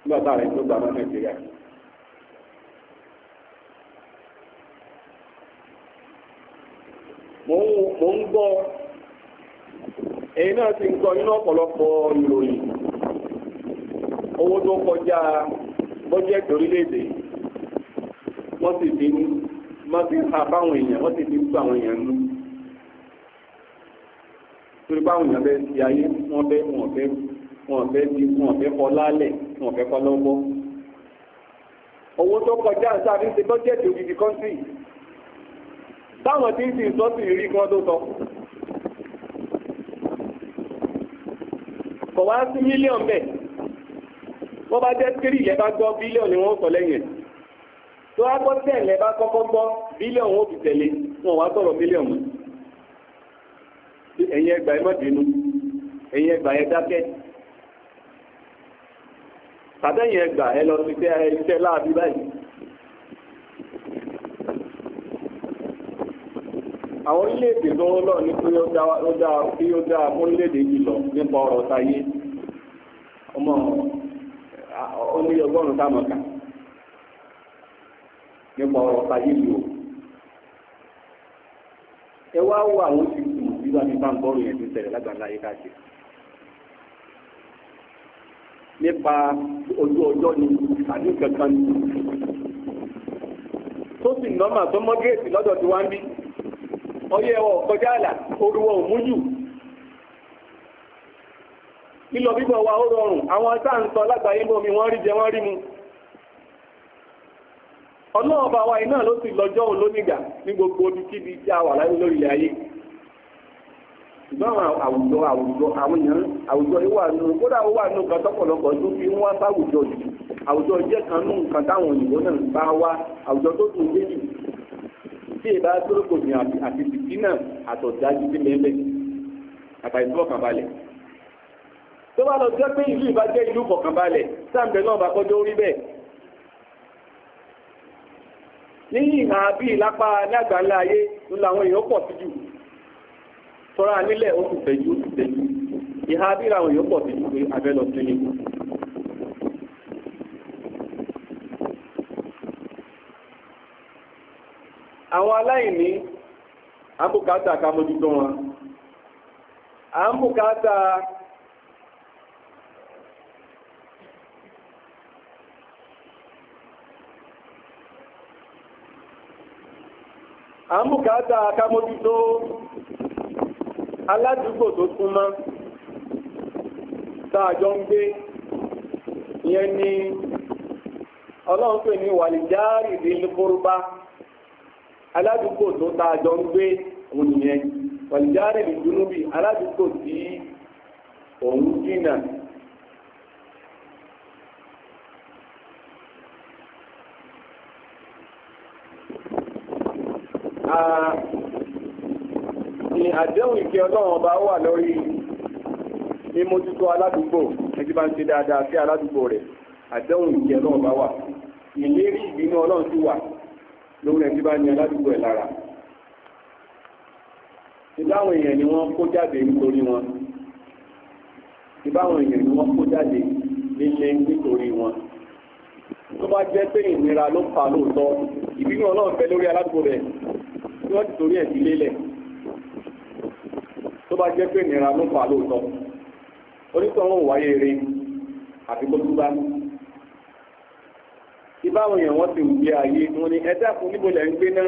nígbà tá a rẹ̀ tó gbà mọ́ Nàìjíríà. mò ń gbọ́ èyí náà ti ń kọ nínú ọ̀pọ̀lọpọ̀ ìròyìn owó tó kọjá bọ́jẹ́tì orílẹ̀-èdè wọ́n sì fi wọ́n fi ń ha báwọn èèyàn wọ́n sì fi ń gbọ́ àwọn èèyàn nú torí báwọn èèyàn bẹ́ẹ̀ ti ayé wọ́n bẹ́ẹ̀ wọ́n bẹ́ẹ̀ wọ́n bẹ́ẹ̀ di wọ́n bẹ́ẹ̀ kọ́ lálẹ̀ wọ́n bẹ́ẹ̀ kọ́ lọ́wọ́ owó tó kọjá sáà fi ń ṣe bọ́jẹ́tì òdìdí kọ́ńtì táwọn tí ń sì sọ sí rí kan tó sọ kọ̀ wá sí mílíọ̀n bẹ́ẹ̀ wọ́n bá jẹ́ tírì lẹ́ bá gbọ́ bílíọ̀n ni wọ́n sọ lẹ́yìn tó wá gbọ́ tẹ̀ lẹ́ bá kọ́kọ́ gbọ́ bílíọ̀n wọn ò fi tẹ̀lé wọn wá sọ̀rọ̀ mílíọ̀n mọ́ ẹ̀yin ẹgbàá ẹ má bínú ẹ̀yin ẹ dákẹ́ tàbẹ́yìn ẹgbàá ẹ lọ sí iṣẹ́ láàbí báyìí àwọn orílẹ̀-èdè tó ń lọ ní pé ó dáa kí ó dáa fún orílẹ̀-èdè yìí lọ nípa ọ̀rọ̀ táyé ọmọ onílé ọgọ́rùn-ún táwọn nípa ọ̀rọ̀ táyé yìí o ẹ wá wo àwọn ti kù nígbà tí bá ń gbọ́rù yẹn ti tẹ̀lé lágbàlá yìí káàkiri nípa ojú ọjọ́ ni tàbí kankan ni tó sì nọ́mà tó mọ́gẹ́ẹ̀tì lọ́dọ̀ tí wá ń bí. ọyẹ́ ẹwọ kọjá àlà orúwọ òmújù lílọ bíbọ̀ wa ó rọrùn àwọn sáàǹsọ lágbàáyé bómi wọ́n rí jẹ wọ́n rí mu ọlọ́run ọba wa iná ló ti lọ́jọ́ òun lónìgbà ní gbogbo ibi kíbi tí a wà láyé lórí ayé àwùjọ àwùjọ àwùjọ kan fi àwùjọ àwùjọ tí ìbá gbọ́dọ̀ ní àti fìtínà àtọ̀dájú sí mẹ́lẹ̀ àtàìsí ọ̀kànbalẹ̀ tó bá lọ jẹ́ pé ìlú ìbá jẹ́ ìlú kọ̀kànbalẹ̀ sáàmbẹ̀ náà bá kọjọ́ orí bẹ́ẹ̀ níyìn ìhà bí ìlápá lágbàńlá ayé ń làwọn èèyàn pọ̀ sí jù tọ́ra nílẹ̀ ó sì fẹ́ jù ó sì fẹ́ jù ìhà bí làwọn èèyàn pọ̀ sí jù pé abẹ́ lọ sí ni àwọn aláìní àbùkátà ká mójútó wọn àbùkátà àbùkátà ká mójútó aládùúgbò tó súnmọ́ ń gbé ìyẹn ni ọlọ́run pè ní wàlìjáàrì aládùúgbò tó tá a jọ ń gbé òun nìyẹn wàlìjáre lè dúnú bí aládùúgbò tí òun jìnnà ni àdéhùn ìkẹ́ ọlọ́run ọba wà lórí mímójútó aládùúgbò ẹjí bá ń ṣe dáadáa sí aládùúgbò rẹ̀ àdéhùn ìkẹ́ ọlọ́run ọba wà ìlérí ìbínú ọlọ́run ti wà lórí ẹni bá ní aládùúgbò ẹ̀ lára ìbáwọn èèyàn ni wọ́n kó jáde nítorí wọn ìbáwọn èèyàn ni wọ́n kó jáde nílé nítorí wọn tó bá jẹ́ pé ìnira ló pa lóòótọ́ ìbínú ọlọ́run fẹ́ lórí aládùúgbò rẹ̀ tí wọ́n ti torí ẹ̀ sí lélẹ̀ tó bá jẹ́ pé ìnira ló pa lóòótọ́ onítọ̀hún wáyé rí àti kó túbá ní ìbáwọn èèyàn wọ́n ti wùgbé ayé wọn ni ẹ̀dá fún níbòlẹ̀ ń gbé náà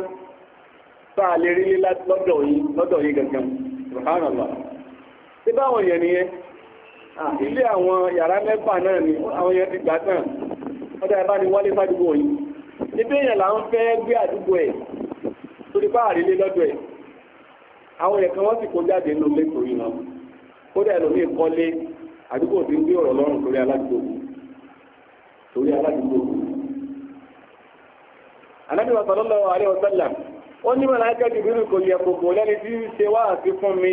sáà lè rí lé lọ́dọ̀ yìí lọ́dọ̀ yìí gangan subhanallah tí báwọn èèyàn nìyẹn ilé àwọn yàrá mẹ́fà náà ni àwọn èèyàn ti gbà tán ọdọ̀ ẹ̀bá ni wọ́n lé fàdúgbò yìí níbi èèyàn là ń fẹ́ gbé àdúgbò ẹ̀ torí bá àrílé lọ́dọ̀ ẹ̀ àwọn èèyàn kan wọ́n sì kó jáde nínú lẹ́kọ̀ọ́ yìí náà kódà ẹlòmí kọ́lé àdúgbò ti ń gbé ọ̀rọ̀ lọ́rùn torí aládùúgbò torí aládùúgbò anábì wa sallallahu alaihi wa sallam ó ní màláíkà Jibril kò yẹ kòkò lẹ́ni tí ń ṣe wá àti fún mi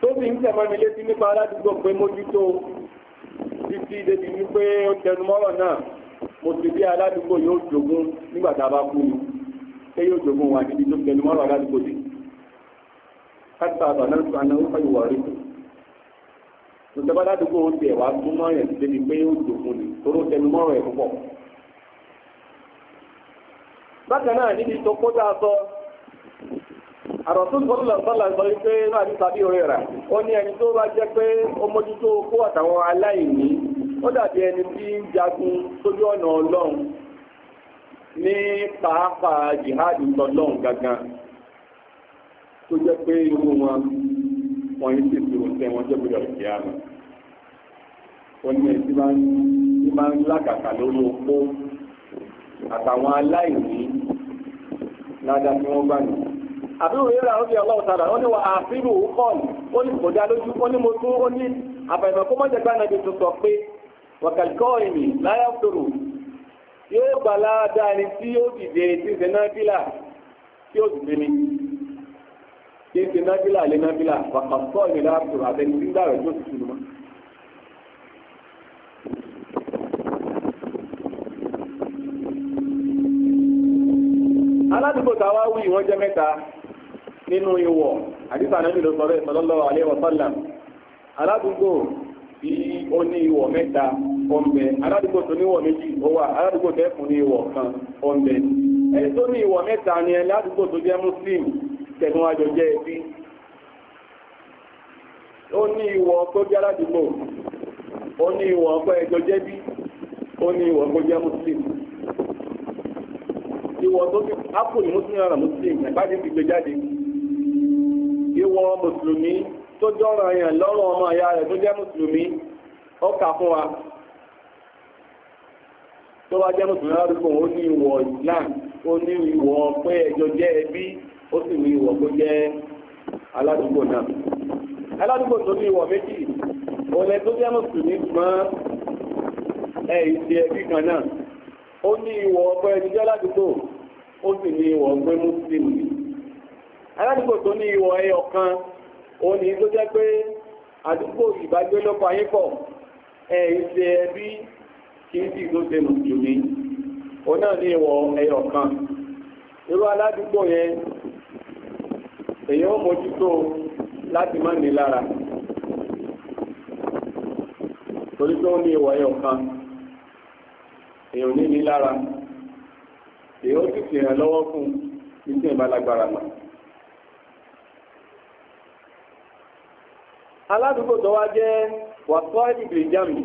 tó fi ń tẹ̀mọ́ mi létí nípa aládùúgbò pé mójútó títí débi wípé ó tẹnumọ́rọ̀ náà mo sì bí aládùúgbò yóò jogún nígbà tá a bá kú pé yóò jogún wà níbi tó tẹnumọ́rọ̀ aládùúgbò dé káta àbànà tó aná ó fẹ́yìn wọ̀rí tó tẹ́bá aládùúgbò ó tẹ̀ wá súnmọ́ yẹn débi pé yóò jogún ni toró ẹ̀ púpọ̀ bákan náà níbi tó kó dáa sọ àròsùn sọ́lọ̀ sọ́lọ̀ sọ wípé náà ní tàbí orí rà ó ní ẹni tó bá jẹ́ pé ó mójútó kó àtàwọn aláìní ó dàbí ẹni tí ń jagun sójú ọ̀nà ọlọ́run ní pàápàá jihad tọlọ́run gangan tó jẹ́ pé irú wọn wọ́n yìí sì ti rọ̀tẹ́ wọn jẹ́ gbọ́dọ̀ ìkẹ́ àmọ́ ó ní ẹni tí máa ń lákàkà lórí opó àtàwọn aláìní ládá tí wọ́n gbà ní. àbúrò yẹ́ra ó fi ọlọ́run sára ó ní wà àfihàn òun kọ́ ni ó ní kò dá lójú ó ní mo tún ó ní àbẹ̀mọ̀ kó mọ́jẹ̀ gbà náà bí tó sọ pé wàkàlíkọ́ ìmì láyà tòrò yóò gbà ládá ẹni tí yóò dìde tí ń ṣe nábìlà tí yóò dìde ni tí ń ṣe nábìlà lé nábìlà wàkàlíkọ́ ìmì láyà tòrò àbẹ̀ni tí aládùúgbò tàwa wí wọ́n jẹ́ mẹ́ta nínú ìwọ̀ àdìsá nàbì ló sọ̀rọ̀ sallallahu alaihi wasallam aládùúgbò tí ó ní ìwọ̀ mẹ́ta ọ̀nbẹ aládùúgbò tó níwọ̀ méjì ó wà aládùúgbò tẹ́kùn ní ìwọ̀ kan ọ̀nbẹ ẹni tó ní ìwọ̀ mẹ́ta ni ẹni aládùúgbò tó jẹ́ muslim tẹ̀sán àjọ jẹ́ ẹbí ó ní ìwọ̀ tó jẹ́ aládùúgbò ó ní ìwọ̀ ọkọ̀ ẹjọ jẹ́bí ó ní ìwọ̀ tó jẹ́ ìwọ tó fi ápò ní mùsùlùmí ara mùsùlùmí ìgbàdí ti gbé jáde ìwọ mùsùlùmí tó jọra yẹn lọ́rùn ọmọ ìyá rẹ̀ tó jẹ́ mùsùlùmí ó kà fún wa tó bá jẹ́ mùsùlùmí aládùúgbò ó ní ìwọ islam ó ní ìwọ pé ẹjọ jẹ́ ẹbí ó sì ní ìwọ tó jẹ́ aládùúgbò náà aládùúgbò tó ní ìwọ méjì òun tó jẹ́ mùsùlùmí mọ́ ẹ̀yìn ti ẹbí kan náà ó ní ìwọ ọpọ ẹni jẹ́ ládùúgbò ó sì ní ìwọ̀ ni aládùúgbò tó ní ìwọ̀ ẹyọ kan ó ní tó jẹ́ pé àdúgbò ìbágbé lọ́pọ̀ ayé pọ̀ ẹ̀ ẹbí kì í sì tó ṣe mùsùlùmí ó náà ní ìwọ̀ ẹyọ kan irú aládùúgbò yẹn èyí ó mójútó láti má ní lára torí ní ìwọ̀ ẹyọ kan èyí ò ní èyí ó sì fi hàn lọ́wọ́ fún iṣẹ́ ìbálagbára mọ́. aládùúgbò tó wá jẹ́ wàtọ́ ìdìbò ìjàmì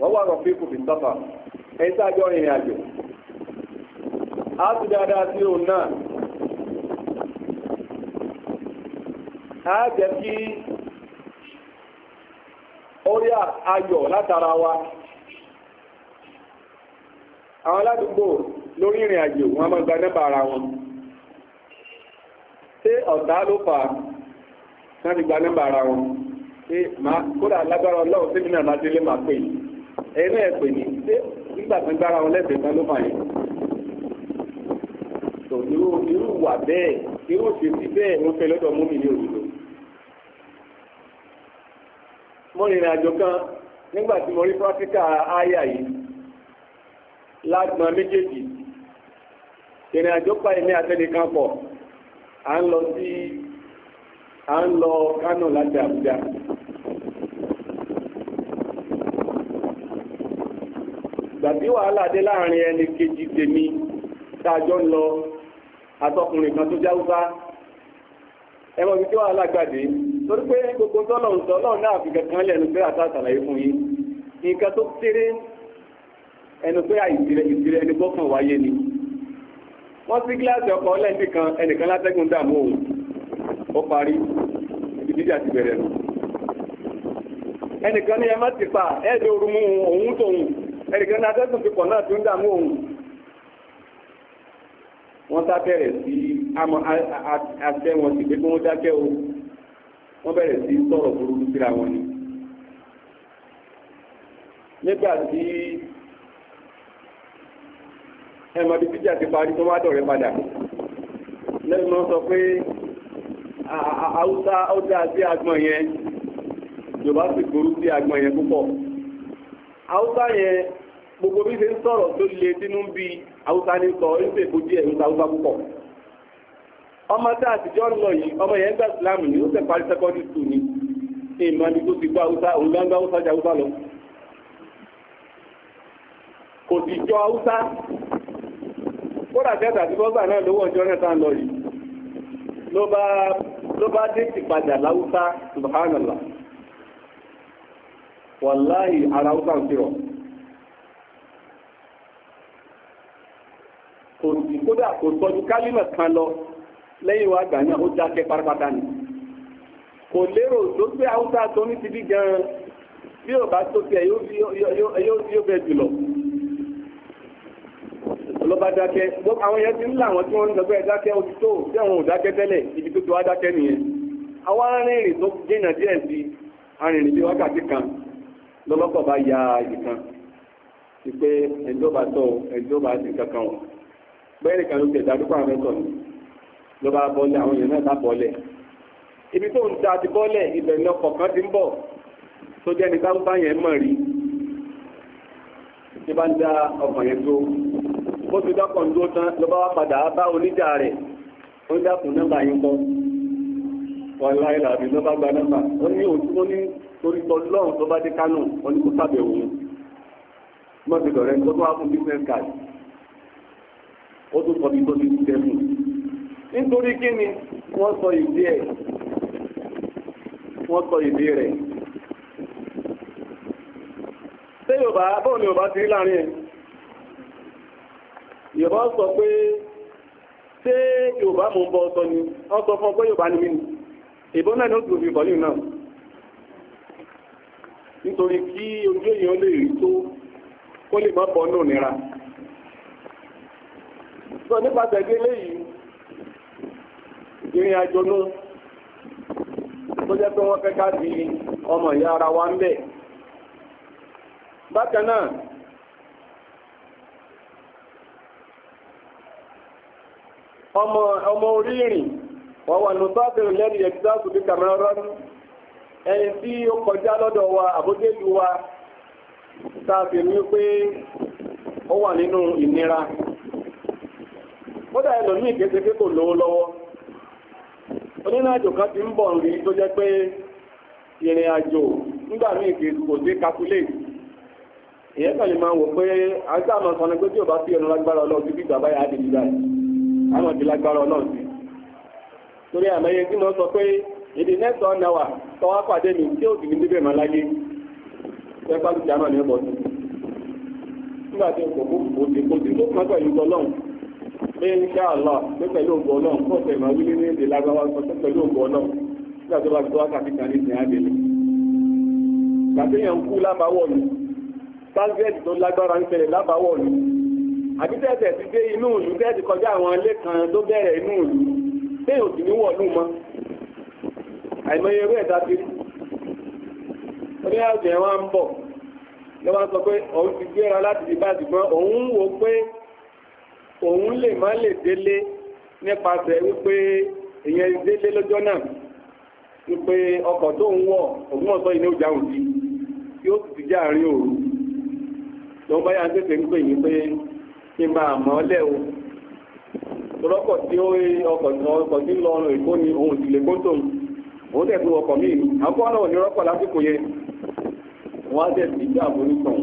wọ́n wà rọ̀fí kò fi sọ́fà ẹni tí a jọ rìnrìn àjò A ti dáadáa sí òun náà A jẹ́ kí orí ayọ̀ látara wa àwọn aládùúgbò lórí ìrìn àjò wọn máa gba nẹ́bà ara wọn ṣé ọ̀tá ló fà á wọ́n ti gba nẹ́bà ara wọn ṣé máa kódà lágbára ọlọ́run sí mi náà láti lé máa pè ẹ̀yìn náà pè ní ṣé nígbà tó ń gbára wọn lẹ́sẹ̀ kan ló fà yẹn tó irú irú wà bẹ́ẹ̀ irú òṣèṣì bẹ́ẹ̀ ló fẹ́ lọ́dọ̀ mú mi ní òdodo mo rìnrìn àjò kan nígbà tí mo rí pátíkà áyà yìí lágbọn méjèèjì ìrìn àjò pa ilé àtẹ́lẹ̀kan pọ̀ à ń lọ sí à ń lọ Kánò láti Àbújá gbàbí wàhálà dé láàrin ẹni kejì tèmi tààjọ ń lọ àtọkùnrin kan tó jáwúsá ẹmọ ibi tí wàhálà gbàdé torí pé gbogbo tọ́lọ̀ ń sọ́lọ̀ náà fi kankan lẹ́nu pé àtàtàlàyé fún yín nǹkan tó kéré ẹnu pé àìsílẹ̀ ìsílẹ̀ ẹni gbọ́kàn wáyé ni wọ́n sí kíláàsì ọkọ̀ ọlẹ́ǹdì kan ẹnìkan látẹ́gùn dààmú òun ó parí ibi jíjà ti bẹ̀rẹ̀ nù ẹnìkan ní ẹmọ́ ti pa ẹ̀ẹ́dẹ̀ oru mú òun tóun ẹnìkan náà tẹ́sùn ti pọ̀ náà tó ń dààmú òun wọ́n sá bẹ̀rẹ̀ sí àṣẹ wọn sì pé kí wọ́n dákẹ́ o wọ́n bẹ̀rẹ̀ sí sọ̀rọ̀ burúkú síra wọn ni nígbà tí ẹmọ̀dé píjà ti parí tó wádọ̀ rẹ̀ padà lẹ́nu náà sọ pé haúsá ó dáa sí agbọ̀n yẹn yorùbá sì burú sí agbọ̀n yẹn púpọ̀ haúsá yẹn gbogbo bí ṣe ń sọ̀rọ̀ tó le sínú bí haúsá ní sọ ń pè bójú ẹ̀ ń ta haúsá púpọ̀ ọmọ tá àtijọ́ ń lọ yìí ọmọ yẹn gbà sílámù ní ó sì parí secondary school ni ìmọ̀ ni tó ti gbọ́ haúsá òun gbangba haúsá ju haúsá lọ kò sì jọ haúsá kódà kẹta tí wọ́n gbà náà lówó ọjọ́ náà tá ń lọ yìí ló bá dé ti padà láwùsá subhanallah wàláhì ara haúsá ń tirọ̀ kò sí kódà kò sọjú kálímà kan lọ lẹ́yìn wa gbà náà ó dákẹ́ pátápátá ni kò lérò tó gbé haúsá tó ní ti bí gan-an bí ò bá tó tiẹ̀ yóò bẹ jùlọ ló bá dákẹ́ àwọn yẹn ti ń làwọn tí wọ́n ń dọ̀gbẹ́ dákẹ́ ojú tó tẹ́wọ̀n ò dákẹ́ tẹ́lẹ̀ ibi tó ti wá dákẹ́ nìyẹn àwọn arìnrìn tó jìnà díẹ̀ sí arìnrìn bí wákàtí kan lọ́lọ́pọ̀ bá ya ibì kan ti pé ẹjọ́ bá tọ́ ẹjọ́ bá ti kankan wọn bẹ́ẹ̀rẹ̀ kan ló ti ẹ̀dá dúpọ̀ àwọn ẹ̀tọ́ ni ló bá bọ́lẹ̀ àwọn èèyàn náà bá bọ́lẹ̀ ibi tó ń ta ti bọ́lẹ̀ ibẹ̀ ní ọkọ̀ kan ti ń bọ̀ tó jẹ́ ní káńpá yẹn mọ̀ rí ti bá ń da ọkọ̀ yẹn tó bó ti dákọ̀ ń dó tán ló bá wá padà bá oníjà rẹ̀ ó dákun nọ́mbà yín kọ́ wọn láyé làbí ló bá gba nọ́mbà ó ní òtún ó ní torí tọ lọ́run tó bá dé kánò wọn ní kó sábẹ̀wò wọn mọ́ ti dọ̀rẹ́ tó tó wá fún business card ó tún sọ bí tó ti ti tẹ́kù nítorí kí ni wọ́n sọ ìdí ẹ̀ wọ́n sọ ìdí rẹ̀ ṣé Yorùbá bóun ni Yorùbá ti rí láàrin ẹ̀ Yorùbá sọ pé ṣé Yorùbá mò ń bọ ọsọ ni wọ́n sọ fún ọ pé Yorùbá ni mí ni ìbọn náà ni ó gbòòfin ìbọn yìí náà nítorí kí ojú èèyàn lè rí tó kó lè má bọ́ náà nira sọ nípasẹ̀ délé yìí ìrìn àjò náà tó jẹ́ pé wọ́n fẹ́ ká ọmọ ìyá ara wa ń bẹ̀ bákan náà ọmọ orí ìrìn wọ́n wà nùtọ́sìrì lẹ́nu ẹ̀kísáàsù bí Cameroon ẹni tí ó kọjá lọ́dọ̀ wa àbójẹ́lú wa sáàfì ní pé ó wà nínú ìnira kódà ẹlòmíì ní pé kò lówó lọ́wọ́ onínà kan ti ń bọ̀ rí tó jẹ́ pé ìrìn àjò nígbà míì kò sí calculate àwọn ìdílágbára ọlọ́run sí torí àmọ́yẹ tí wọ́n sọ pé èdè nẹ́sàn-án náwà tọwọ́ pàdé mi tí ó sì ní níbẹ̀ máa láyé pẹ́pá lùjá náà ní ọ̀bọ̀n nígbà tí kò kó ti kó ti tó kàn pẹ̀lú ọlọ́run pé ń ṣá àlọ́ pé pẹ̀lú ògbó ọlọ́run kó tẹ̀ máa wílé ní èdè lágbára sọ pé pẹ̀lú ògbó ọlọ́run nígbà tó bá ti tó wákàtí kan ní ìsìn àgbèlè àbí tẹ́tẹ̀ ti dé inú ìlú tẹ́tì kọjá àwọn ilé kan tó bẹ̀rẹ̀ inú ìlú téèyàn sì ní wọ̀lú mọ́ àìmọye ewé ẹ̀dá ti kú oníyàwó wọn ń bọ̀ lọ́wọ́ sọ pé òun ti gbéra láti di bá ṣùgbọ́n òun wò pé òun lè má lè délé nípasẹ̀ wípé èèyàn délé lọ́jọ́ náà wípé ọkọ̀ tó ń wọ̀ òun ọ̀sọ́ yìí ní ọjà òdì yóò sì ti jẹ́ àárín òru lọ́wọ́ báyà ń tètè ń pè yín pé kí máa mọ́ si o tọ́lọ́kọ̀ tí ó ọkọ̀ tí ń lọ ọ̀nà èkó ni ohun ìtìlẹ̀ kótó òun tẹ̀ ọkọ̀ míì àkọ́ náà ní rọ́pọ̀ lásìkò yẹn wọ́n á di bí gbogbo bí mo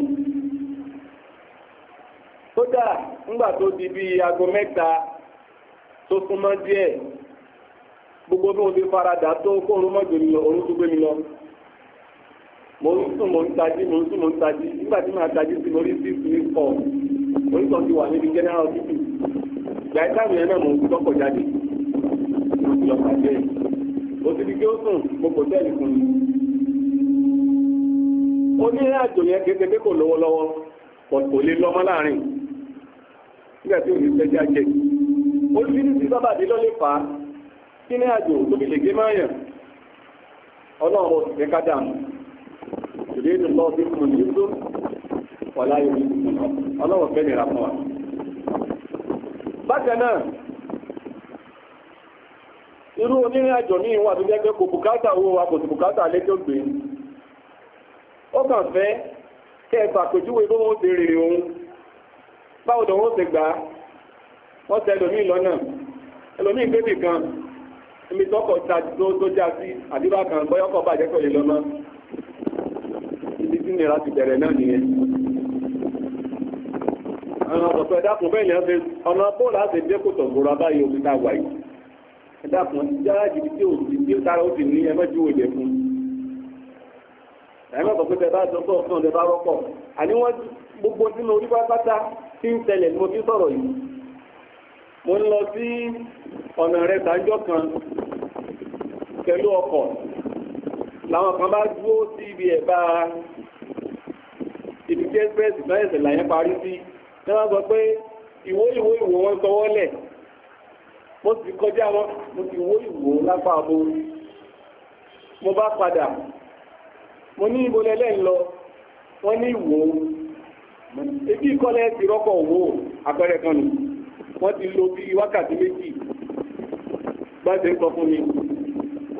ti tó lọ tó gbé mi lọ mo ń sùn mo ń onítọ̀ ti wà níbi general hospital ìgbà ìtàmì yẹn náà mo tọkọ̀ jáde lọ pàdé ó ti di kí ó sùn mo kò tẹ́lẹ̀ fún mi. ó ní àjò yẹn kékeré kò lọ́wọ́lọ́wọ́ pọ̀ kò lè lọ́mọ láàrin nígbà tí ò ní sẹ́jà jẹ ó ní bí ti sábàdé lọ́lẹ́ fà á kí ní àjò tó fi lè gé máa yàn ọlọ́run ọ̀sìn kẹ́kádà mú ìdílé ìdùnnú lọ́ọ́ sí fún mi ọ̀la yìí ọlọ́wọ̀ fẹ́ nira fún wa. bákan náà irú onírìn àjò ní ìwọ̀n àtúnjẹ́ pé kò bùkátà owó wa kò sì bùkátà lẹ́jọ́ gbé ó kàn fẹ́ kẹfà pèjúwe bó wọ́n ti rèrè òun báwo dọ̀ wọ́n ti gbà á wọ́n tẹ ẹlòmí lọ́nà ẹlòmí ìgbébì kan ibi tọ́kọ̀ tó já sí àdúrà kan bọ́yọ́kọ̀ bàjẹ́ pẹ̀lú lọ́nà ibi tí nira ti bẹ̀rẹ̀ náà nìyẹn àwọn ọ̀pọ̀ ẹ̀dàkùn bẹ́ẹ̀ yẹn fẹ́ ọ̀nà bóòlù àti ìdẹ́kù tọ̀gbọ̀rọ̀ abáyé omi tá a wà yìí ẹ̀dàkùn jáàjì tí ó ti tí ó tára ó ti ní ẹmẹ́jú òjẹ̀ fún ẹ̀mẹ́ ọ̀pọ̀ pé kan bá dúró sí ibi ẹ̀ bá ibi tí express náà parí sí wọ́n sọ pé ìwó ìwó ìwò wọn sọ wọ́lẹ̀ mo ti kọjá wọn mo ti wó ìwò lápá abo mo bá padà mo ní ibo lẹ́lẹ́ ń lọ wọ́n ní ìwò ebi ìkọlẹ̀ ti rọ́pọ̀ òwò àpẹẹrẹ kan nù wọ́n ti lò bí wákàtí méjì gbáṣe ń sọ fún mi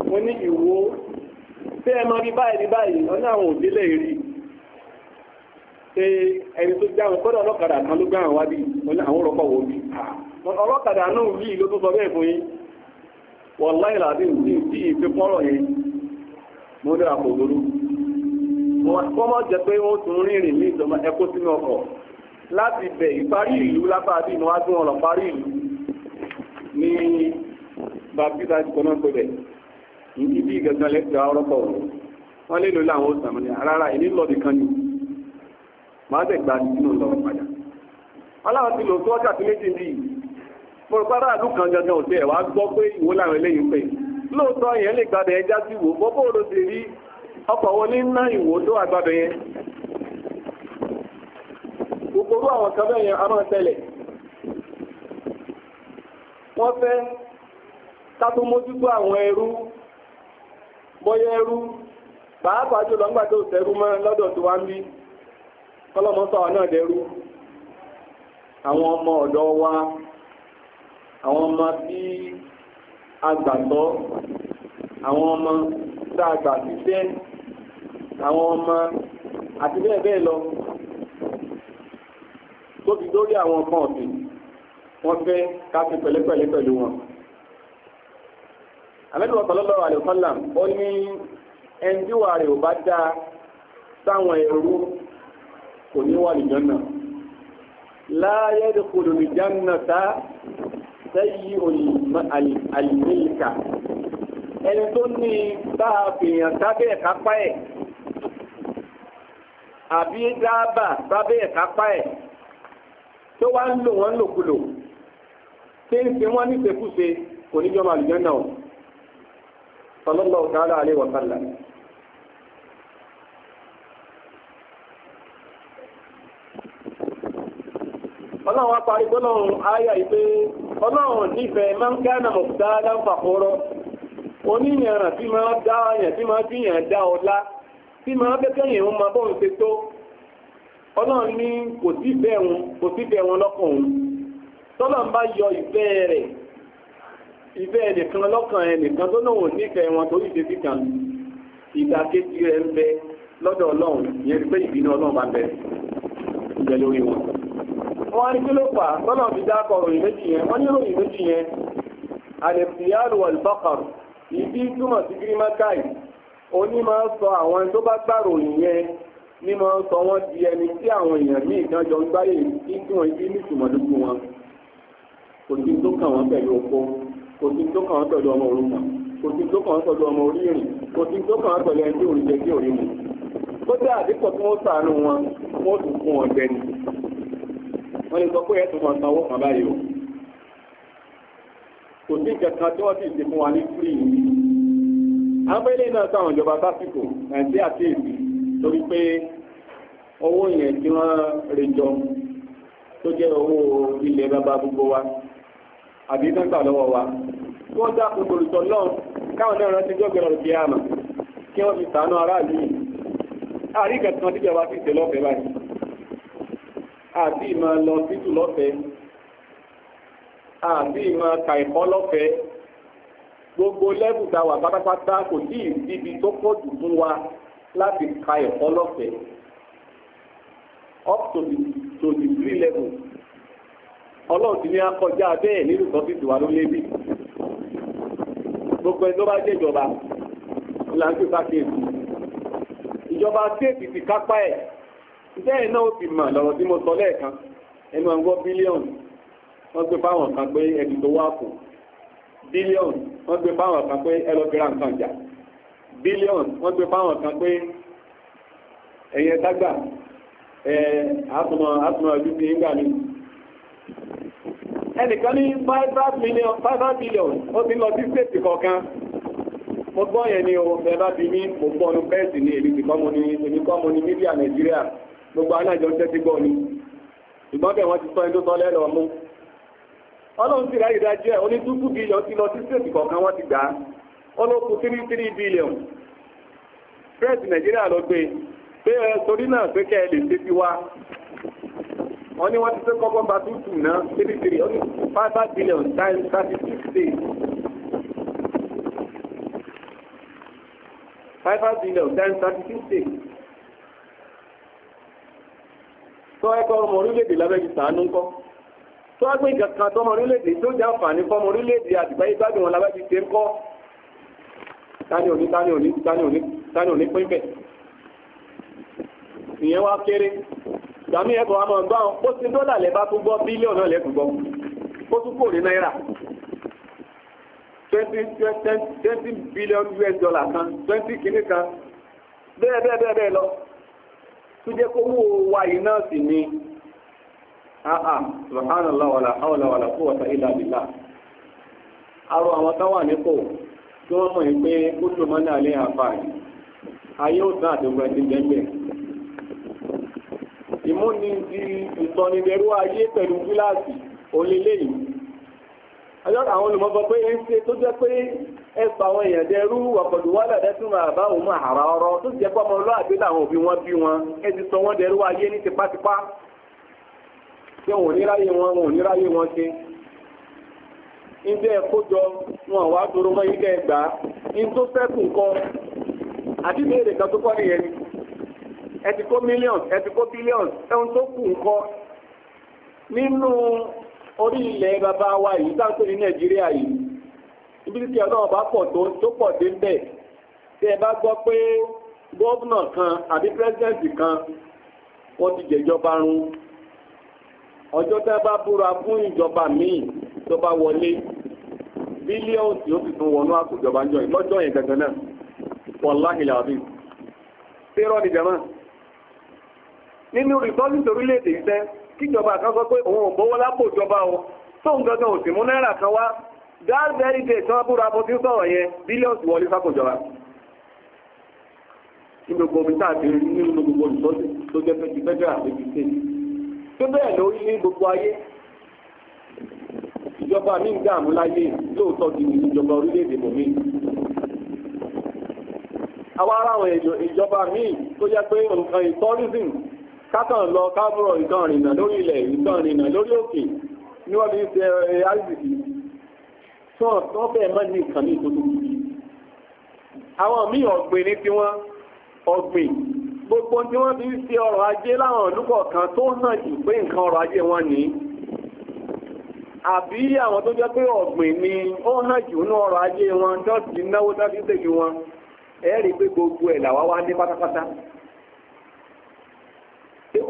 mo ní ìwò tẹ́ ẹ mọ bí báyìí báyìí ọ̀nà àwọn òdílé rí pé ẹni tó jáwọ́ kọ́dọ̀ ah. ọlọ́kadà náà ló gbáhàn wábí àwọn òrọ̀kọ̀ wò bí ọlọ́kadà náà yí ló tó sọ bẹ́ẹ̀ fún yín wọ́n láì làbí ní tí ìfẹ́ pọ́rọ̀ yẹn mo lè àpò òdòdó wọ́n mọ̀ jẹ́ pé wọ́n tún rìnrìn ní ìjọba ẹkọ́ sínú ọkọ̀ láti bẹ̀ ìparí ìlú lápá bí inú wá gbọ́n ọ̀rọ̀ parí ìlú ní baptista ti kọ́nà pé ní ibi ìgẹ̀gẹ̀ lẹ́gbẹ̀ẹ́ ọ̀rọ̀kọ̀ wọ́n lè lò láwọn òsàn mọ́ni ìnílọ́dì kan ni màá bẹ̀ gba nínú lọ́wọ́ padà aláwọ̀ ti lò tó wákàtí méjì bíi mo rò kan gangan òde ẹ̀ gbọ́ pé ìwò làwọn eléyìí pé lóòótọ́ yẹn lè gbàdẹ̀ ẹja sí ti rí ọkọ̀ ìwò tó àgbàdẹ̀ yẹn gbogbo àwọn yẹn a máa tẹ̀lẹ̀ wọ́n fẹ́ mójútó àwọn ẹrú ẹrú pàápàá jùlọ ńgbà tó kọ́lọ́mọ́ sọ̀rọ̀ náà dẹrú àwọn ọmọ ọ̀dọ́ wa àwọn ọmọ bí agbàtọ́ àwọn ọmọ tá a gbà síṣẹ́ àwọn ọmọ àti bẹ́ẹ̀ bẹ́ẹ̀ lọ tó fi lórí àwọn nǹkan ọ̀sìn wọ́n fẹ́ ká pẹ̀lẹ́pẹ̀lẹ́ pẹ̀lú wọn àmẹ́lú ọ̀pọ̀lọ́lọ́ àlẹ́kọ́là ó ní ẹni rẹ̀ ò bá dáa sáwọn ẹrú kò ní wà lìjọ́nà láyé dìkòdò lìjọ́nà tá sẹ́yí àlìmílìkà ẹni tó ní bá fèèyàn sábẹ́ ẹ̀kápá ẹ̀ àbí dáàbà sábẹ́ ẹ̀kápá ẹ̀ tó wá ń lò wọ́n lòkulò tí ń fi wọ́n ní kò ní jọmọ àlìjọ́nà ọ̀ ọlọ́run wá parí gbọ́lọ́run ahịa ìpé ọlọ́run nífẹ̀ẹ́ máa ń kẹ́nà mọ̀kútà láǹfàkọ́rọ́ oníyànràn tí máa dá àyàn tí máa fìyàn dá ọlá tí máa bẹ́kẹ̀yìn òun máa bọ́n ṣe tó ọlọ́run ní kò sí bẹ́ẹ̀ wọn kò sí yọ rẹ̀ kan ń bẹ lọ́dọ̀ ọlọ́run ìyẹn pé ìbínú ọlọ́run bá wọ́n ní kí ló fà tọ́nà fi dákọ̀ ròyìn méjì yẹn wọ́n ní ròyìn méjì yẹn alẹ́fìyàlù albakar ìdí túmọ̀ sí gírímákàì oní máa ń sọ àwọn tó bá gbàrò yẹn ní máa ń sọ wọ́n di ẹni tí àwọn èèyàn ní ìdánjọ ń gbáyé títí wọn ibi ní ìtùmọ̀lúkú wọn kò sí tó kàn wọ́n pẹ̀lú oko kò sí tó kàn wọ́n pẹ̀lú ọmọ òrukàn kò sí tó kàn wọ́n pẹ̀lú ọmọ orí ìrìn kò sí tó kàn wọ́n pẹ̀lú ẹni tí òrìjẹ tí òrí mu kó dé àdínkù tí wọ́n sàánú wọn wọ́n tún fún ọ̀gbẹ́ni wọ́n lè sọ pé ẹ̀tùn máa sanwó kan báyìí o kò sí ìkẹ̀kan tí wọ́n sì ti fún wa ní fúrì yìí àwọn ilé náà sáwọn ìjọba sásìkò àti àkéèsì torí pé owó yẹn tí wọ́n rejọ tó jẹ́ owó ilẹ̀ bàbá gbogbo wa àbí sẹ́ńtà lọ́wọ́ wa tí wọ́n dá gbogbo olùsọ lọ́n káwọn náà rántí jọ́ gbẹ̀rọ̀ kí á kí wọ́n fi sàánú aráàlú yìí àríkẹ̀kan tíjọba sì tẹ̀lọ́fẹ̀ẹ́ báyìí àbí máa lọ títù lọ́fẹ̀ẹ́ àbí máa ka ẹ̀kọ́ lọ́fẹ̀ẹ́ gbogbo lẹ́bù tá a wà pátápátá kò tí ì síbi tó pọ̀ jù fún wa láti ka ẹ̀kọ́ lọ́fẹ̀ẹ́ up to the to the three level ọlọ́run ti ní akọjá bẹ́ẹ̀ nínú sọ́fíìsì wa ló lébi gbogbo ẹni tó bá jẹ́ ìjọba ìlànà tó bá kéèkì ìjọba stéètì ti kápá ẹ̀ bẹ́ẹ̀ náà ó fi mà lọ́rọ̀ tí mo sọ lẹ́ẹ̀kan ẹnu àwọn bílíọ̀nù wọ́n gbé fáwọn kan pé ẹni tó wà kù bílíọ̀nù wọ́n gbé fáwọn kan pé ẹlọ́gbẹ̀rà nǹkan jà bílíọ̀nù wọ́n gbé fáwọn kan pé ẹ̀yẹ dágbà ẹ̀ àtùmọ̀ ti ń gbà ní ẹnìkan ní 5 billion ó lọ sí stéètì kọ̀ọ̀kan gbogbo alájọ jẹ́ ti gbọ́ ni ìgbọ́bẹ̀ wọn ti sọ ẹni tó sọ lẹ́nu ọlọ́run ti dájú ẹ̀ ti lọ sí kọ̀ọ̀kan wọ́n ti gbà á ọlọ́kù tírí tírí bílíọ̀n fred gbé pé ẹ torí náà pé kẹ́ ẹ ti wá gba náà tírí tírí ó ní five billion billion times thirty six days. tó ẹkọ́ ọmọ orílẹ̀-èdè lábẹ́jì sàánú ńkọ́ tó ẹgbẹ́ ìjọkan tọmọ orílẹ̀-èdè tó jẹ́ àǹfààní fọmọ orílẹ̀-èdè àtìgbáyé gbádùn wọn lábẹ́jì ṣe ń kọ́ tani òní tani òní tani òní tani òní pín bẹ̀ ìyẹn wá kéré ìgbàmí ẹ̀bọ̀ àmọ́ gbá wọn ó ti dọ́là lẹ́bá tó gbọ́ bílíọ̀nù náà lẹ́kùn gbọ́ ó tún kò rí náírà twenty billion US dollar kan twenty kìíní kan bẹ́ẹ̀ bẹ́ẹ̀ bẹ́ẹ̀ lọ tó jẹ́ kó mú wa iná sì ni àà subhanallah wàlà hawla wàlà quwwata illa billah arọ àwọn táwà nípò tí wọ́n mọ̀ pé ó tó mọ́ náà lé àǹfààní ayé ò tán àti ọgbẹ́ ti jẹ́gbẹ́ ìmúni ti ìsọnidẹ̀rú ayé pẹ̀lú gíláàsì olélẹ́yìn àwọn olùmọ̀ sọ pé ń ṣe tó jẹ́ pé ẹ̀pà àwọn èèyàn dẹrú ọ̀pọ̀lù wọn lọ́dẹ tún máa bá òun àrà ọ̀rọ̀ tó jẹ́ pé ọmọ wọn bí wọn ẹ sọ wọn dẹrú ayé ní tipátipá tí wọn ò ní ráyè wọn wọn ò ní ráyè wọn ṣe ǹjẹ́ jọ wọn wá mọ́ tó àti kan tó kọ́ ni ẹ ti kó ẹ ti kó ẹun tó kù nínú orí ilẹ̀ bàbá wa yìí ní responsibility ọlọ́run bá pọ̀ tó pọ̀ dé ń bẹ̀ tí ẹ bá gbọ́ pé kan àbí pírẹsidẹ́ǹtì kan wọ́n ti jẹjọba run ọjọ́ tẹ́ bá búra fún ìjọba míì tó bá wọlé bílíọ̀nù ó tún wọnú àkójọba ń jọ lọ́jọ́ yẹn náà bí tẹ́rọ ni jẹ́mọ́ nínú torílẹ̀-èdè kíjọba o tóun gangan kan wá that very day tán búra bó tí ó sọ̀rọ̀ yẹn billions wọlé sápòjọba nínú gbogbo tàbí nínú gbogbo ìtọ́sí tó jẹ́ fẹ́ ti fẹ́jọ́ àpéjì stéèjì tó bẹ́ẹ̀ lórí ní gbogbo ayé ìjọba mi ń dààmú láyé lóòótọ́ di ìjọba orílẹ̀-èdè bòmí àwọn ará àwọn ìjọba míì tó jẹ́ pé nǹkan tourism kákan lọ káàbùrọ̀ nǹkan rìnnà lórí ilẹ̀ nǹkan rìnnà lórí òkè ní wọ́n fi ń ṣe rcc eh, tó wọ́n fẹ́ mọ́ ní nǹkan ní ìtòtò àwọn míì ọ̀gbìn ní tí wọ́n ọ̀gbìn gbogbo tí wọ́n fi ń ajé láwọn olúkọ̀ kan tó hàn jù pé nǹkan ọrọ̀ ajé wọn ní àbí àwọn tó jẹ́ pé ọ̀gbìn ni ó hàn jù ní ajé wọn náwó dájú tèjú wọn ẹ̀rí pé gbogbo ẹ̀ wá ní pátápátá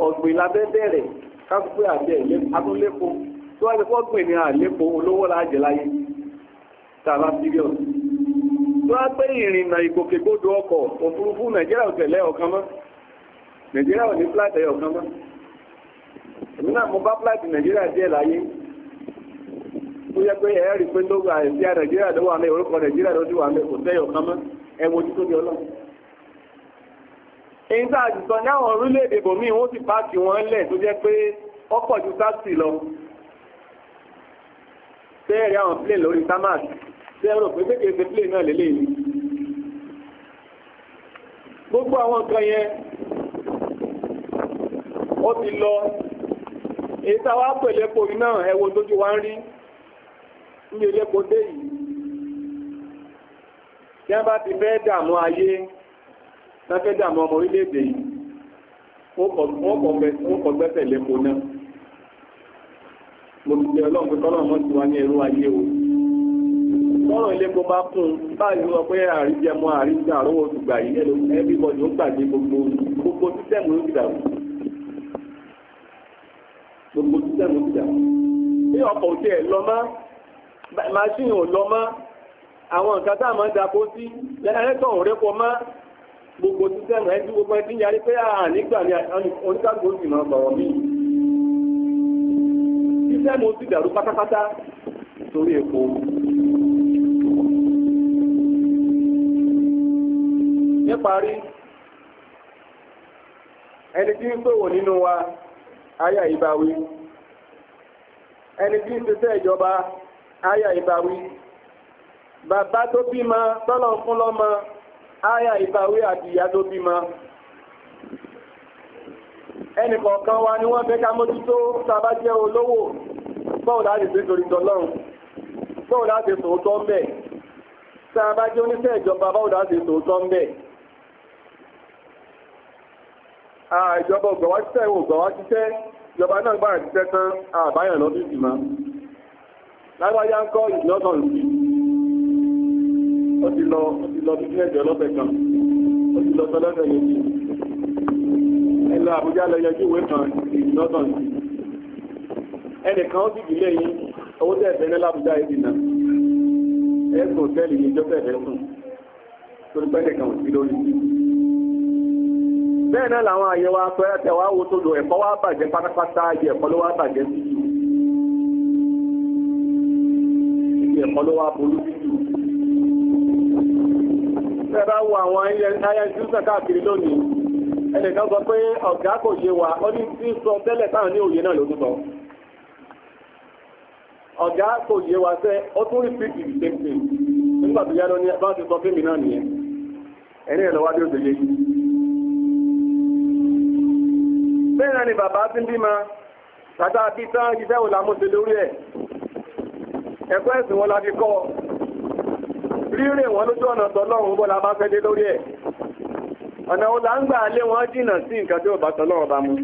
ọ̀gbìn labẹ́ bẹ̀rẹ̀ àti tààlá serious tó á pé ìrìnà ìgbòkègbodò ọkọ̀ òfurufú nàìjíríà òtẹ̀lẹ́ ọ̀kan mọ́ nàìjíríà ò ní flight ẹ̀yọ̀ kan mọ́ èmi náà mo bá flight nàìjíríà díẹ̀ láyé tó yẹ pé ẹ̀ rí pé lóògùn àìsí nàìjíríà ló wà ní orúkọ nàìjíríà ló ti wà ní kò tẹ́yọ̀ kan mọ́ ẹ wo títí ọlọ́ èyí tá a ti sọ ní àwọn orílẹ̀-èdè bòmíì wọ́n sì páàkì wọn lẹ̀ tó jẹ́ pé ọkọ̀ ju táàsì lọ bẹ́ẹ̀ rí àwọn plane lórí támàsì ṣe ẹ̀rọ pé pé kèsè plé náà lélẹ̀ yìí gbogbo àwọn nǹkan yẹn ó ti lọ èyí táwa pẹ̀lẹ́pọ̀ iná ẹ̀wọ̀n tójú wa ń rí ní elépo dé yìí tí a bá ti fẹ́ dàmú ayé láfẹ́ dàmú ọmọ orílẹ̀-èdè yìí wọ́n kọ̀ gbẹ́sẹ̀ lépo náà mo ti tẹ ọlọ́run pé kọ́lọ́run mọ́ ti wá ní ẹrú ayé o bọ́rọ̀ ilépo bá kún báyìí lọ pé àríjẹmọ àríjà lọ́wọ́ olùgbà yìí ẹlò everybody ó gbàgbé gbogbo gbogbo sísẹ̀mù ló ti gbogbo sísẹ̀mù ló ti dàrú ọkọ̀ òtí ẹ̀ lọ mọ́ màṣíìnì ò lọ mọ́ àwọn nǹkan tá a máa ń dako sí ẹlẹ́tọ̀ ò rẹ́pọ̀ mọ́ gbogbo sísẹ̀mù ẹni gbogbo ẹni tí ń yarí pé ànígbà ni oníkàgbò sì máa bọ̀rọ̀ mí sísẹ̀mù ti dàrú pátápátá torí epo níparí ẹni tí ń ṣòwò nínú wa aya ìbáwí ẹni tí ń ṣiṣẹ́ ìjọba aya ìbáwí bàbá tó bímọ tọ́lọ̀ fún lọ́mọ aya ìbáwí àti ìyá tó bímọ ẹnì kọ̀ọ̀kan wa ni wọ́n fẹ́ ká mójútó sábà jẹ́ olówó bọ́ọ̀ láti ṣe torí tọ́lọ́run bọ́ọ̀ láti sòótọ́ ń bẹ̀ sábà jẹ́ oníṣẹ́ ìjọba bọ́ọ̀ láti sòótọ́ ń bẹ̀ Ah, ìjọba ògbàwá ṣiṣẹ́ ògbàwá ṣiṣẹ́ ìjọba náà gbára ṣiṣẹ́ tán àbáyàn lọ́dún ìdìmọ̀ lágbájá ń kọ́ ìdìlọ́tàn sí ó ti lọ ó ti lọ bísínẹ́sì ọlọ́fẹ̀ kan ó ti lọ sọlọ́fẹ̀ yẹn jù ẹlọ Àbújá lọ yẹjú ìwé kan ìdìlọ́tàn sí ẹnìkan ó sì dìlé yín owó tẹ̀ ẹ̀fẹ́ ní lábújá ìdìnà ẹ̀sùn tẹ́lì yìí jọ́fẹ̀ ẹ̀fẹ́ sùn torí pẹ́ẹ́nìkan ò sí lórí bẹ́ẹ̀ náà làwọn àyẹ̀wò apẹ̀rẹ̀ wa wá wo tó lò ẹ̀kọ́ wá bàjẹ́ pátápátá ibi ẹ̀kọ́ ló wá bàjẹ́ sí jù ibi ẹ̀kọ́ ló wá burú sí jù. bẹ́ẹ̀ bá wo àwọn ayẹyẹ káàkiri lónìí ẹnìkan sọ pé ọ̀gá kò ṣe wà ó ní tí sọ tẹ́lẹ̀ táwọn ní òye náà ló tún sọ ọ̀gá kò yé wa sẹ́ ó tún rí pípì ìdẹ́gbẹ̀ nígbà tó yá lọ ní bá ti náà nìyẹn ẹni ẹ̀lọ́wádìí òṣèlú mẹ́rin ni bàbá ti ń bímọ tàbí àbí tán lórí ẹ̀ ẹ̀kọ́ ẹ̀sìn wọn la kọ́ rírìn wọn lójú ọ̀nà tọ́lọ́run bọ́ la bá fẹ́ dé lórí ẹ̀ ọ̀nà wo ń wọn jìnnà sí nǹkan tí ó bá tọ́lọ́run bá mú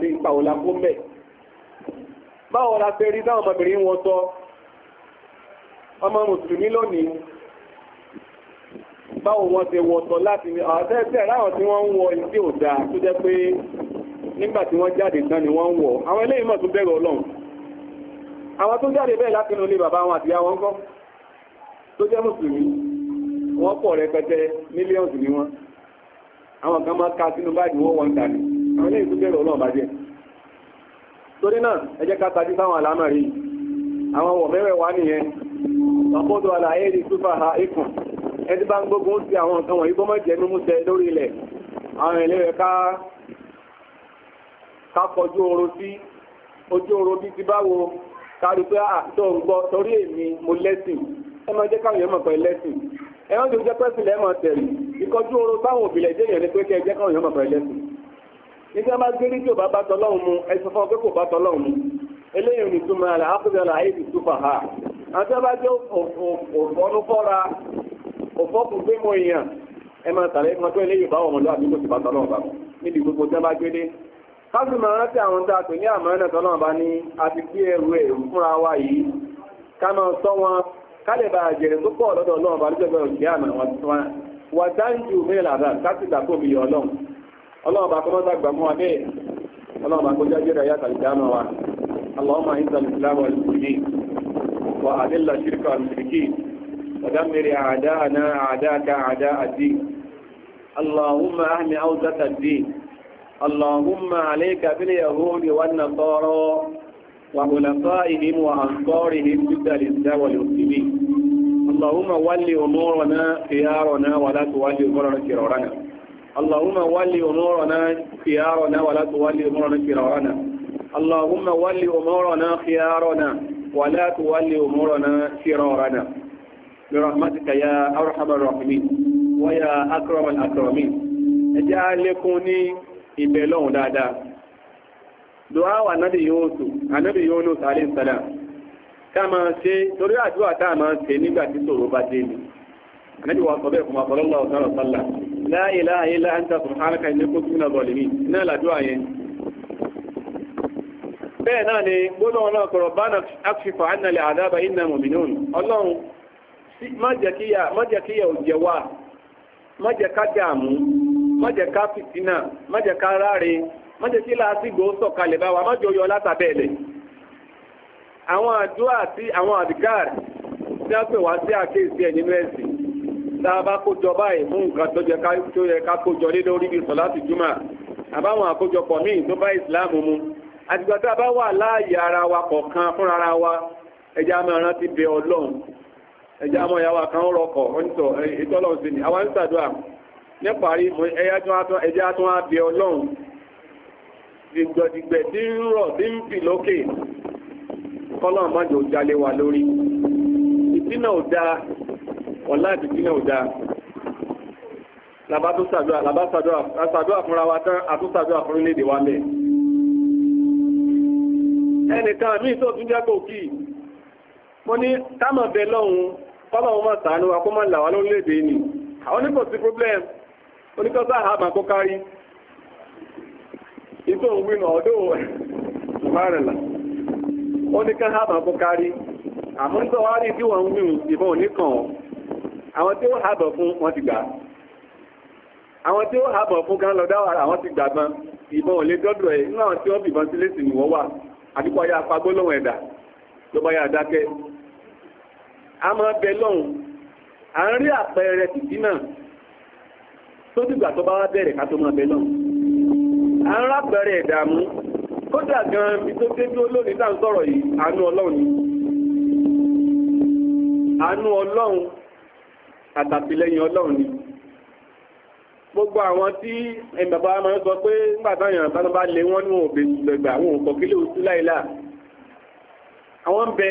rí ọmọ mùsùlùmí lónìí báwo wọ́n ti wọ̀tọ̀ láti ní àtẹ́ẹ̀tẹ́ ráwọ̀ tí wọ́n ń wọ ìdí òdá tó jẹ́ pé nígbà tí wọ́n jáde tán ni wọ́n ń wọ̀ àwọn eléyìí mọ̀ tún bẹ̀rẹ̀ ọlọ́run àwọn tó jáde bẹ́ẹ̀ láti inú ilé bàbá wọn àti àwọn kọ́ tó jẹ́ mùsùlùmí wọ́n pọ̀ rẹpẹtẹ mílíọ̀nù ni wọ́n àwọn kan máa ka sínú báyìí wọ́n wọ́n tàbí àwọn eléyìí tún bẹ̀rẹ̀ ọlọ́run bàjẹ́ torí náà ẹ jẹ́ ká tajú sáwọn àlámà rí àwọn wọ̀ mẹ́rẹ̀ wá nìyẹn wàkóso àlàyé ní súfà ha ikùn ẹni bá ń gbógun ó sí àwọn nǹkan wọ̀nyí gbọ́mọ̀ jẹ́ mímúṣẹ lórí ilẹ̀ àwọn ilé rẹ̀ ká kọjú oro sí ojú oro bí ti báwo kárí pé àtọ́ ń gbọ́ torí èmi mo lẹ́sìn ẹ máa jẹ́ káwọn èèyàn mọ̀ pé lẹ́sìn ẹ wọ́n ti jẹ́ pẹ́sìn lẹ́mọ̀ tẹ̀lé ìkọjú oro báwọn òbílẹ̀ jẹ́ èèyàn ni pé kẹ́ ẹ jẹ́ káwọn èèyàn mọ̀ pé lẹ́sìn nígbà máa gbé ní tí ò bá bá tọlọ́run mu ẹ sọ fún ọ pé kò bá tọlọ́run mu eléyìí ní túmọ̀ àlà ápẹ́bẹ̀rẹ̀ àyè ti túfà ha àti ọba jẹ́ òfòrúfọ́ra òfọ́kùn pé mo èèyàn ẹ máa tàlẹ́ fún ọjọ́ ilé yorùbá ọmọ lọ́wọ́ àbíkò sí bàtà lọ́wọ́ bá níbi gbogbo tí wọ́n bá gbé dé káàsì máa rántí àwọn tá a pè ní àmọ́ ẹ̀nà tọ́lọ́ bá ní a ti gbé ẹrù ẹ̀rù fúnra wa yìí ká máa sọ wọn ká lè bá àjẹrẹ tó pọ̀ lọ́dọ̀ ọlọ́run bá lójọ́ ìgbà òkè àmà ودمر أعداءنا أعداءك أعداء الدين اللهم أهم أوزة الدين اللهم عليك باليهود والنصارى وخلفائهم وأنصارهم ضد الإسلام والمسلمين اللهم ول أمورنا خيارنا ولا تولي أمورنا شرارنا اللهم ول أمورنا خيارنا ولا تولي أمورنا شرارنا اللهم ول أمورنا خيارنا ولا تولي أمورنا شرارنا برحمتك يا أرحم الراحمين ويا أكرم الأكرمين ẹjẹ́ alékún ní ìbẹ̀ lọ́hùn dáadáa dùá wà náàbì Yúnúsù ànábì Yúnúsù alayhi salam ká máa ṣe torí àdúrà táà máa ṣe nígbà tí ṣòro bá dé ni ànábì wa sọ bẹ́ẹ̀ fún sallallahu alaihi wasallam la ilaha illa anta subhanaka inni kuntu minaz zalimin náà làdúrà yẹn bẹ́ẹ̀ náà ni gbólóhùn náà kọ̀rọ̀ bá náà akṣifa anna al-adhaba inna mu'minun ọlọ́run má jẹ́ kíyà má jẹ́ kíyà ò jẹ wá má jẹ́ ká dààmú má jẹ́ ká fìtínà má jẹ́ ká ráre má jẹ́ kí làásìgbò sọ̀kalẹ̀ bá wa má jẹ́ oyọ látàbẹ̀lẹ̀ àwọn àdúrà àti àwọn àdìgáàrì tí a pè wá sí àkéèsí ẹ̀ nínú ẹ̀sìn tá a bá kójọ báyìí fún nǹkan tó yẹ ká kójọ lé lórí bí sọ̀láàtì júmà àbáwọn àkójọpọ̀ míì tó bá ìsìláàmù mu àtìgbà tá a bá wà láàyè ara wa kọ̀ọ̀kan fúnra wa ẹja máa rántí bẹ ọlọ́run ẹjẹ́ àmọ́ ìyàwó kan ń rọkọ̀ onítọ̀ ìtọ́lọ̀ sí ni àwọn ìsàdúrà níparí ẹjẹ́ àtún àbí ọlọ́run dìgbẹ̀dìgbẹ̀ tí ń rọ̀ tí ń fì lókè kọ́lọ̀n má jò jalè wà lórí ìdínà ò dáa ọ̀lá ìdínà ò dáa labátúsàdúrà labátúsàdúrà fúnra wa tán àtúsàdúrà fún orílẹ̀-èdè wa mẹ́ ẹnìkan míì tó tún jẹ́ kò kí mo ní támọ̀ bẹ lọ́hùn kọ́lọ̀wọ́ máa tàánú akó máa làwà lórílẹ̀-èdè ni àwọn oníkọ̀ sí problem oníkọ́sá àhábà kó kárí ìtò ń wínà ọdọ́ ìmárìnlá oníkọ́ àhábà kó kárí àmọ́ nígbà wá rí tí wọ́n ń wíhun ìbọn oníkan àwọn tí ó hábọ̀ fún wọn ti gbà àwọn tí ó hábọ̀ fún gan lọ dáwà àwọn ti gbà gan ìbọn ò lè dọ́dọ̀ ẹ̀ nínú àwọn tí wọ́n fìbọn sílé sí ni wọ́n wà àdúgbò ayé apagbó lọ́wọ́ ẹ̀dà ló bá yà dákẹ́ a máa bẹ lọ́hùn a ń rí àpẹẹrẹ títí náà tó dìgbà tó bá wá bẹ̀rẹ̀ ká tó máa bẹ lọ́hùn à ń rápẹẹrẹ ìdààmú kódà gan ibi tó dé dúró lónìí tá à ń sọ̀rọ̀ yìí àánú ọlọ́run ni àánú ọlọ́run àtàtìlẹ́yìn ọlọ́run ni gbogbo àwọn tí ẹni bàbá máa ń sọ pé nígbàtàyàn bá lè wọ́n ní òbèsùlẹ̀gbà àwọn òkọ̀kílẹ̀ òsúláìlà àwọn ń bẹ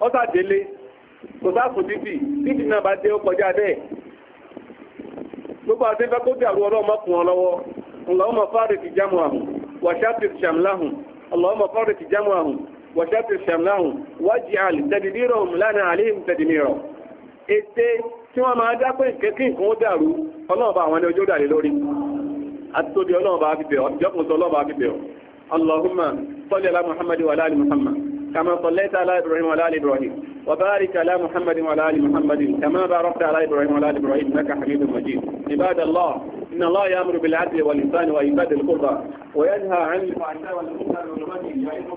ọ́sàdélé kò sáàfù títì títì náà bá dé ó kọjá bẹ́ẹ̀ gbogbo àti fẹ́ kó dàrú ọlọ́mọ kùn ọ lọ́wọ́ Allahumma farik jam'ahum wa shattit shamlahum Allahumma farik jam'ahum wa shattit shamlahum waj'al ète tí wọ́n máa nǹkan ó dàrú ọlọ́ọ̀bá àwọn dàrí lórí àti tóbi ọlọ́ọ̀bá fi ọlọ́ọ̀bá fi كما صليت على إبراهيم وعلى آل إبراهيم وبارك على محمد وعلى آل محمد كما باركت على إبراهيم وعلى آل إبراهيم إنك حميد مجيد عباد الله إن الله يأمر بالعدل والإحسان وإيتاء ذي القربى وينهى عن الفحشاء والمنكر والبغي يعظكم